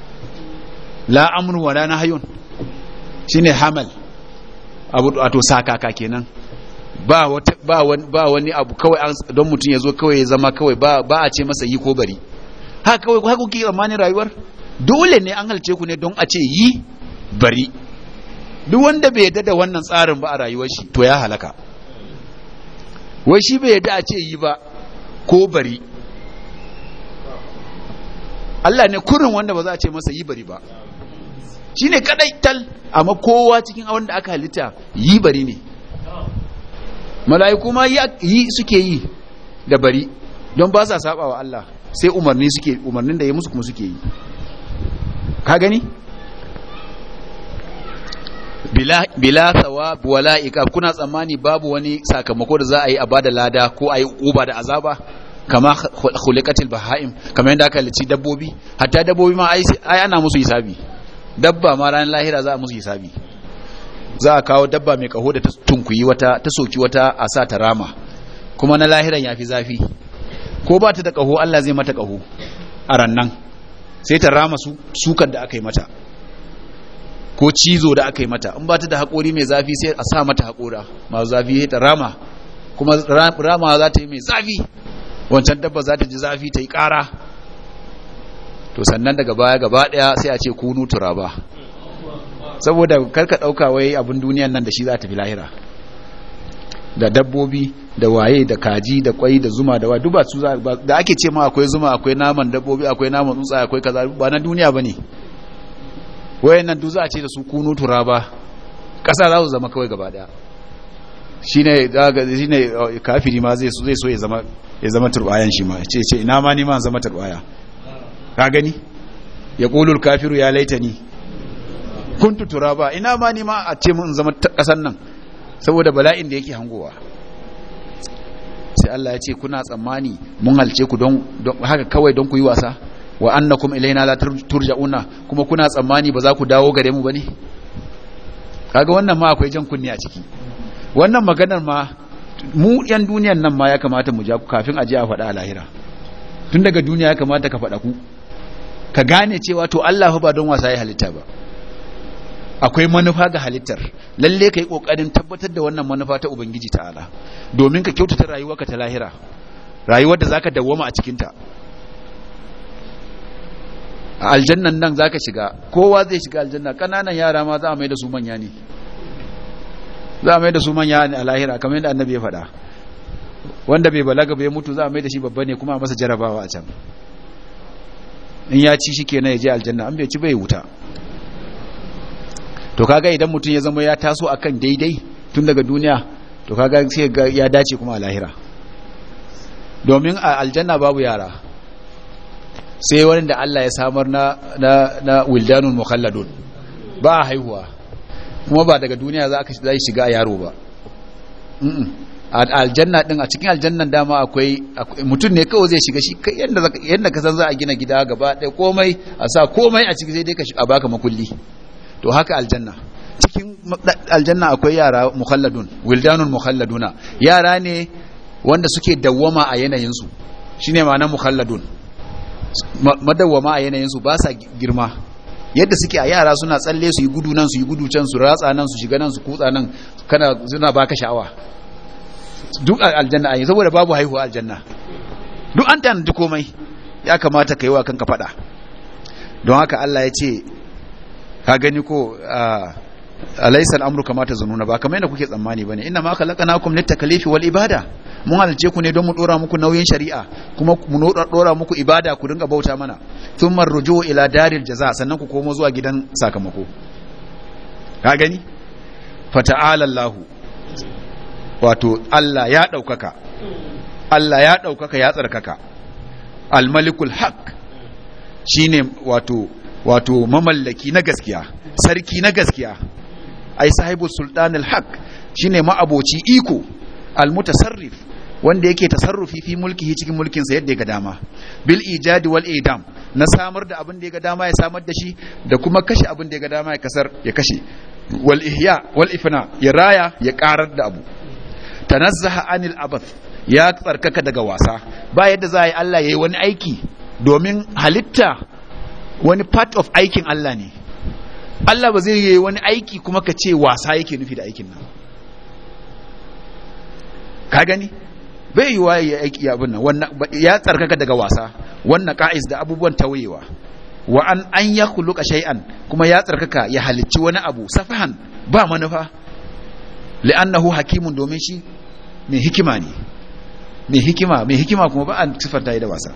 la amru wala nahyun shine hamal abu wato sakaka kenan ba wata ba wani ba wani abu kawai don mutum ya zo kawai ya zama kawai ba ba a ce masa yi ko bari Ha kawai ku hakuki amanin rayuwar dole ne an halce ku ne don a ce yi bari duk wanda bai yadda da wannan tsarin ba a rayuwar shi to ya halaka wai shi bai yadda a ce yi ba ko bari Allah ne kurin wanda ba za a ce masa yi bari ba Shi ne kadai tal amma kowa cikin da aka halitta yi bari ne mala'iku ma yi suke yi da bari don ba sa saba wa Allah sai umarni suke umarnin da ya musu kuma suke yi ka gani bila bila thawab wala iqab kuna tsammani babu wani sakamako da za a yi a bada lada ko a yi uba da azaba kama khuliqatil bahaim kamar yadda aka halici dabbobi hatta dabbobi ma ai ana musu hisabi dabba ma ranar lahira za a musu hisabi za a kawo dabba mai kaho da ta tunkuyi wata ta soki wata a sa ta rama kuma na lahiran ya fi zafi ko ba ta da kaho Allah zai mata kaho a rannan sai ta rama su sukan da aka yi mata ko cizo da aka yi mata in ba ta da haƙori mai zafi sai a sa mata haƙora masu zafi sai ta rama kuma rama za ta yi mai zafi wancan dabba za ta ji zafi ta yi ƙara to sannan daga baya gaba daya sai a ce kunu turaba saboda karka dauka wai abin duniyan nan da shi za ta fi lahira da dabbobi da waye da kaji da kwai da zuma da duba su da ake ce ma akwai zuma akwai naman dabbobi akwai naman tsuntsaye akwai kaza ba na duniya bane wayannan duk za a ce da su kunu turaba kasa za su zama kawai gaba daya shine daga shine kafiri ma zai so zai so ya zama ya zama turbayan shi ma ce ce ina ma ni ma zama turbaya ka gani ya ƙulul kafiru ya laita ni kuntu turaba ina ma ni ma a ce mun zama ƙasan nan saboda bala'in da yake hangowa sai Allah ya ce kuna tsammani mun halce ku don haka kawai don ku yi wasa wa annakum ilaina la turja'una kuma kuna tsammani ba za ku dawo gare mu bane kaga wannan ma akwai jan kunni a ciki wannan maganar ma mu yan duniyan nan ma ya kamata mu ja ku kafin a je a faɗa a lahira tun daga duniya ya kamata ka faɗa ku ka gane cewa to Allah ba don wasa ya halitta ba akwai manufa ga halittar lalle ka yi ƙoƙarin tabbatar da wannan manufa ta ubangiji ta'ala domin ka kyautata rayuwarka ta lahira rayuwar da zaka dawwama a cikinta a aljannan nan zaka shiga kowa zai shiga aljanna ƙananan yara ma za a mai da su manya ne za a mai da su manya ne a lahira kamar yadda annabi ya faɗa wanda bai balaga bai mutu za a mai da shi babba ne kuma a masa jarabawa a can in ya ci shi na ya je aljanna an bai ci bai wuta to kaga idan mutum ya zama ya taso akan daidai tun daga duniya to kaga sai ya dace kuma a lahira domin a aljanna babu yara sai wani Allah ya samar na na na wildanul mukhalladun ba haihuwa kuma ba daga duniya za ka shiga yaro ba aljanna din a cikin aljannan dama akwai mutum ne kawai zai shiga shi yadda ka san za a gina gida gaba ɗaya komai a sa komai a ciki zai dai ka a baka makulli to haka aljanna cikin aljanna akwai yara mukhalladun wildanun mukhalladuna yara ne wanda suke dawwama a yanayin su shine ma'anar mukhalladun madawwama a yanayin su ba sa girma yadda suke a yara suna tsalle su yi gudu nan su yi gudu can su ratsa nan su shiga nan su kutsa nan kana suna baka sha'awa duk aljanna ayi saboda babu haihuwa aljanna duk an tanadi komai ya kamata ka yi wa kanka fada don haka Allah ya ce ka gani ko laisan amru kamata zununa ba kamar yadda kuke tsammani bane inna ma khalaqnakum litakalifi wal ibada mun halice ku ne don mu dora muku nauyin shari'a kuma mu dora muku ibada ku dinga bauta mana thumma ruju'u ila daril jaza sannan ku komo zuwa gidan sakamako ka gani fata'ala Allahu wato Allah ya ɗaukaka Allah ya ɗaukaka ya tsarkaka almalikul haq shine wato wato mamallaki na gaskiya sarki na gaskiya ai sahibu sultanul haq shine ma'aboci iko almutasarrif wanda yake tasarrufi fi mulkihi cikin mulkin sa yadda ya ga dama bil ijadi wal idam na samar da abin da ya ga dama ya samar da shi da kuma kashe abin da ya ga dama ya kasar ya kashe wal ihya wal ifna ya raya ya karar da abu tanazzaha anil abath ya tsarkaka daga wasa ba yadda za a yi Allah ya yi wani aiki domin halitta wani part of aikin Allah ne Allah ba zai yi wani aiki kuma ka ce wasa yake nufi da aikin nan ka gani bai yi waye ya aiki abin nan ya tsarkaka daga wasa wannan ka'is da abubuwan tawayewa wa an an ya kuluka shay'an kuma ya tsarkaka ya halicci wani abu safahan ba manufa li'annahu hakimun domin shi mai hikima ne mai hikima mai hikima kuma ba an ta yi da wasa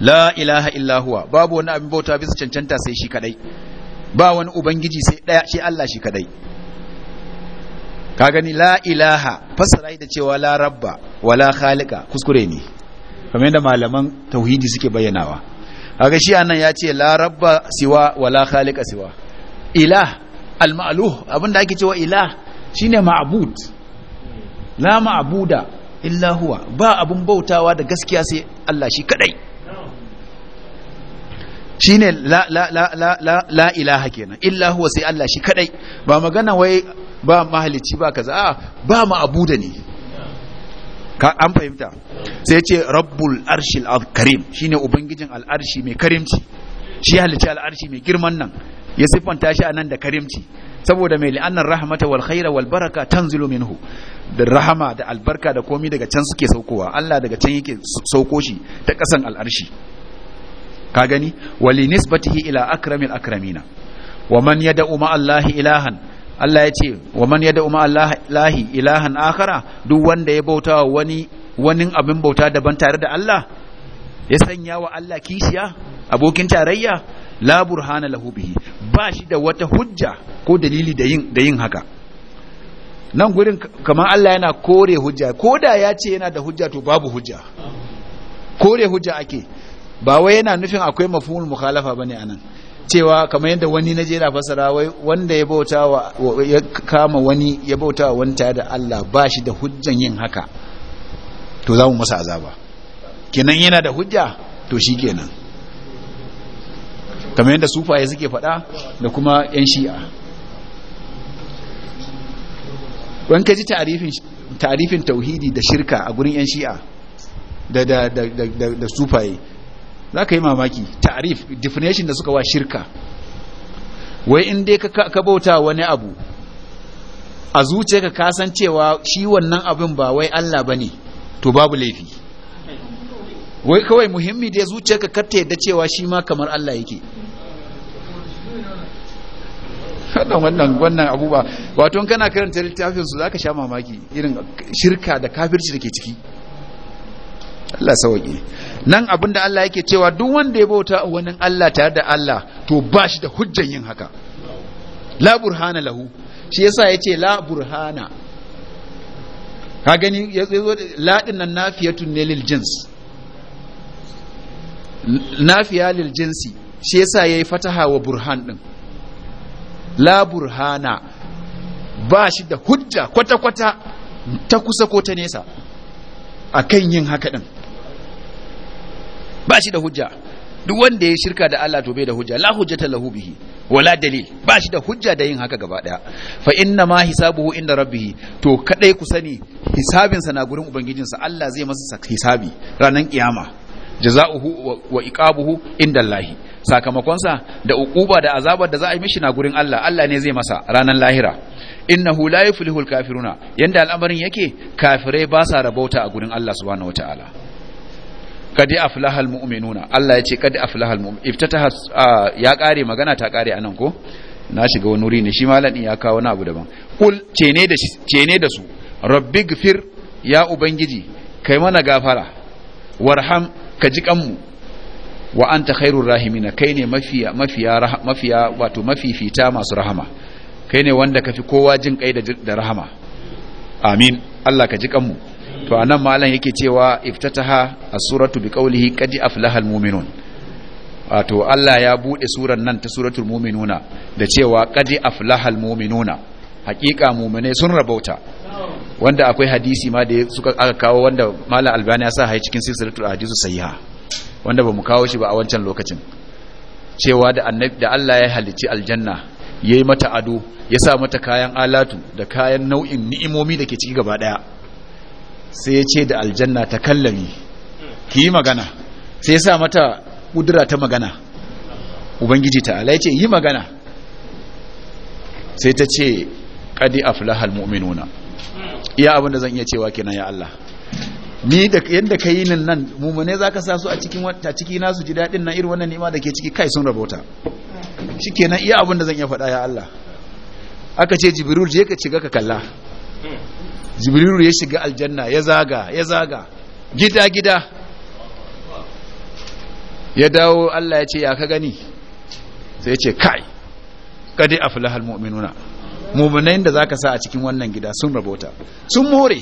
la ilaha illahuwa babu wani abin bauta bisa cancanta sai shi kadai ba wani ubangiji sai daya ce Allah shi kadai ka gani la ilaha fassara da cewa la rabba wala khaliqa kuskure ne kamar yadda malaman tauhidi suke bayyanawa kaga shi anan ya ce la rabba siwa wala khaliqa siwa ilah al-ma'luh abinda ake cewa ilah shine ma'bud la ma'abuda illa huwa ba abun bautawa da gaskiya sai Allah shi kadai shine la la la la la la ilaha kenan illa huwa sai Allah shi kadai ba magana wai ba mahalici ba kaza a ba ma'abuda ne ka an fahimta sai ce rabbul arshil karim shine ubangijin al'arshi mai karimci shi halicci al'arshi mai girman nan ya siffanta shi anan da karimci saboda mai li'annan rahmata wal khaira wal baraka tanzilu minhu da rahama da albarka da komi daga can suke saukowa Allah daga can yake sauko shi ta kasan al'arshi ka gani wali nisbatihi ila akramil akramina wa man yad'u ma Allah ilahan Allah ya ce wa man yad'u ma Allahi ilahan akhara duk wanda ya bauta wani wani abin bauta daban tare da Allah ya sanya wa Allah kishiya abokin tarayya la burhana lahu bihi ba shi da wata hujja ko dalili da yin haka nan gurin kamar Allah yana kore hujja ko da ya ce yana da hujja to babu hujja kore hujja ake ba wai yana nufin akwai mafhumul mukhalafa bane anan cewa kamar yadda wani na jera fasara wai wanda ya bauta wa ya kama wani ya bauta wa wani tare da Allah ba shi da hujjan yin haka to za mu masa azaba kenan yana da hujja to shi kenan kamar yadda sufaye suke faɗa da kuma 'yan shi'a wani ka ji tarifin tauhidi da shirka a gurin 'yan shi'a da sufaye za ka yi mamaki tarif definition da suka wa shirka wai in dai ka bauta wani abu a zuciya ka kasancewa shi wannan abin ba wai Allah ba ne to babu laifi wai kawai muhimmi da zuciyarka kar kata yadda cewa shi ma kamar Allah yake wannan wannan wannan abubuwa wato kana karanta littafin su zaka sha mamaki irin shirka da kafirci dake ciki Allah sauki nan abinda Allah yake cewa duk wanda ya bauta wani Allah tare da Allah to ba shi da hujjan yin haka la burhana lahu shi yasa yace la burhana ka gani yazo la nan nafiyatun ne lil jins nafiya lil jinsi shi yasa yayi fataha wa burhan ɗin. la burhana ba shi da hujja kwata-kwata ta kusa ko ta nesa akan yin haka din ba shi da hujja duk wanda ya shirka da Allah to bai da hujja la hujjata lahu bihi wala dalil ba shi da hujja da yin haka gaba daya fa inna ma hisabuhu inda rabbihi to kadai ku sani hisabinsa na gurin ubangijinsa Allah zai masa hisabi ranan kiyama jaza'uhu wa iqabuhu inda Allah sakamakonsa da uquba da azabar da za a yi mishi na gurin Allah Allah ne zai masa ranar lahira innahu la yuflihul kafiruna yanda al'amarin yake kafirai ba sa rabauta a gurin Allah subhanahu wataala kadi aflahal mu'minuna Allah ya ce kadi aflahal mu'min iftataha ya kare magana ta kare anan ko na shiga wani wuri ne shi malam ya kawo wani abu daban kul cene da cene da su rabbighfir ya ubangiji kai mana gafara warham ka ji kanmu wa anta khairur rahimina kai ne mafiya wato mafifita masu rahama kai ne wanda kafi kowa jin kai da rahama amin Allah ka ji kanmu to anan malam yake cewa iftataha a suratu biqawlihi qad aflahal mu'minun wato Allah ya buɗe suran nan ta suratul mu'minuna da cewa kadi aflahal mu'minuna hakika muminai sun rabauta wanda akwai hadisi ma da suka aka kawo wanda malam albani ya sa hai cikin silsilatul ahadisu sahiha wanda bamu kawo shi ba a wancan lokacin cewa da Allah ya halicci aljanna yayi mata ado ya sa mata kayan alatu da kayan nau'in ni'imomi da ke ciki gaba daya sai ya ce da aljanna ta kallami ki magana sai ya sa mata kudura ta magana ubangiji ta ala ya ce yi magana sai ta ce kadi aflahal mu'minuna iya abin zan iya cewa kenan ya Allah ni da yadda ka yi nan nan mummune za ka sa su a cikin wata ciki na su ji daɗin na irin wannan nima da ke ciki kai sun rabota shikenan iya abin zan iya faɗa ya Allah aka ce jibril je ka shiga ka kalla jibril ya shiga aljanna ya zaga ya zaga gida gida ya dawo Allah ya ce ya ka gani sai ya ce kai kadi aflahal mu'minuna mummunan da zaka sa a cikin wannan gida sun rabota sun more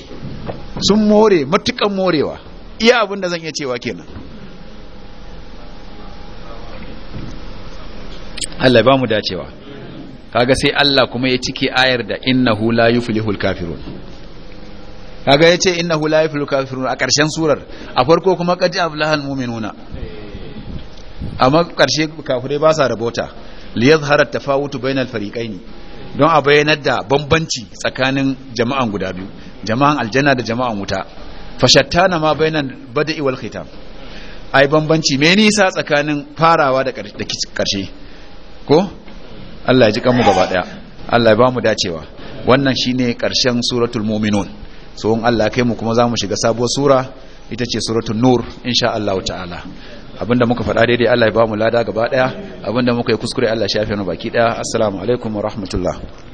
sun more matukan morewa iya abin da zan iya cewa kenan Allah ba mu dacewa kaga sai Allah kuma ya cike ayar da innahu la yuflihul kafirun kaga yace innahu la yuflihul kafirun a ƙarshen surar a farko kuma qad ablahal mu'minuna amma ƙarshe kafirai ba sa rabota liyazhara tafawutu bainal fariqaini don a bayyanar da bambanci tsakanin jama'an guda biyu jama'an aljanna da jama'an wuta fashatta fashattana ma bayanan bada iwal khitam ai bambanci me nisa tsakanin farawa da karshe ko Allah ya ji kanmu gaba daya Allah ya ba mu dacewa wannan shine karshen suratul mu'minun so in Allah kai mu kuma zamu shiga sabuwar sura ita ce suratul nur insha Allah ta'ala abinda muka faɗa daidai Allah ya ba mu lada gaba ɗaya abinda muka yi kuskure Allah ya shafe mu baki ɗaya assalamu alaikum wa rahmatullah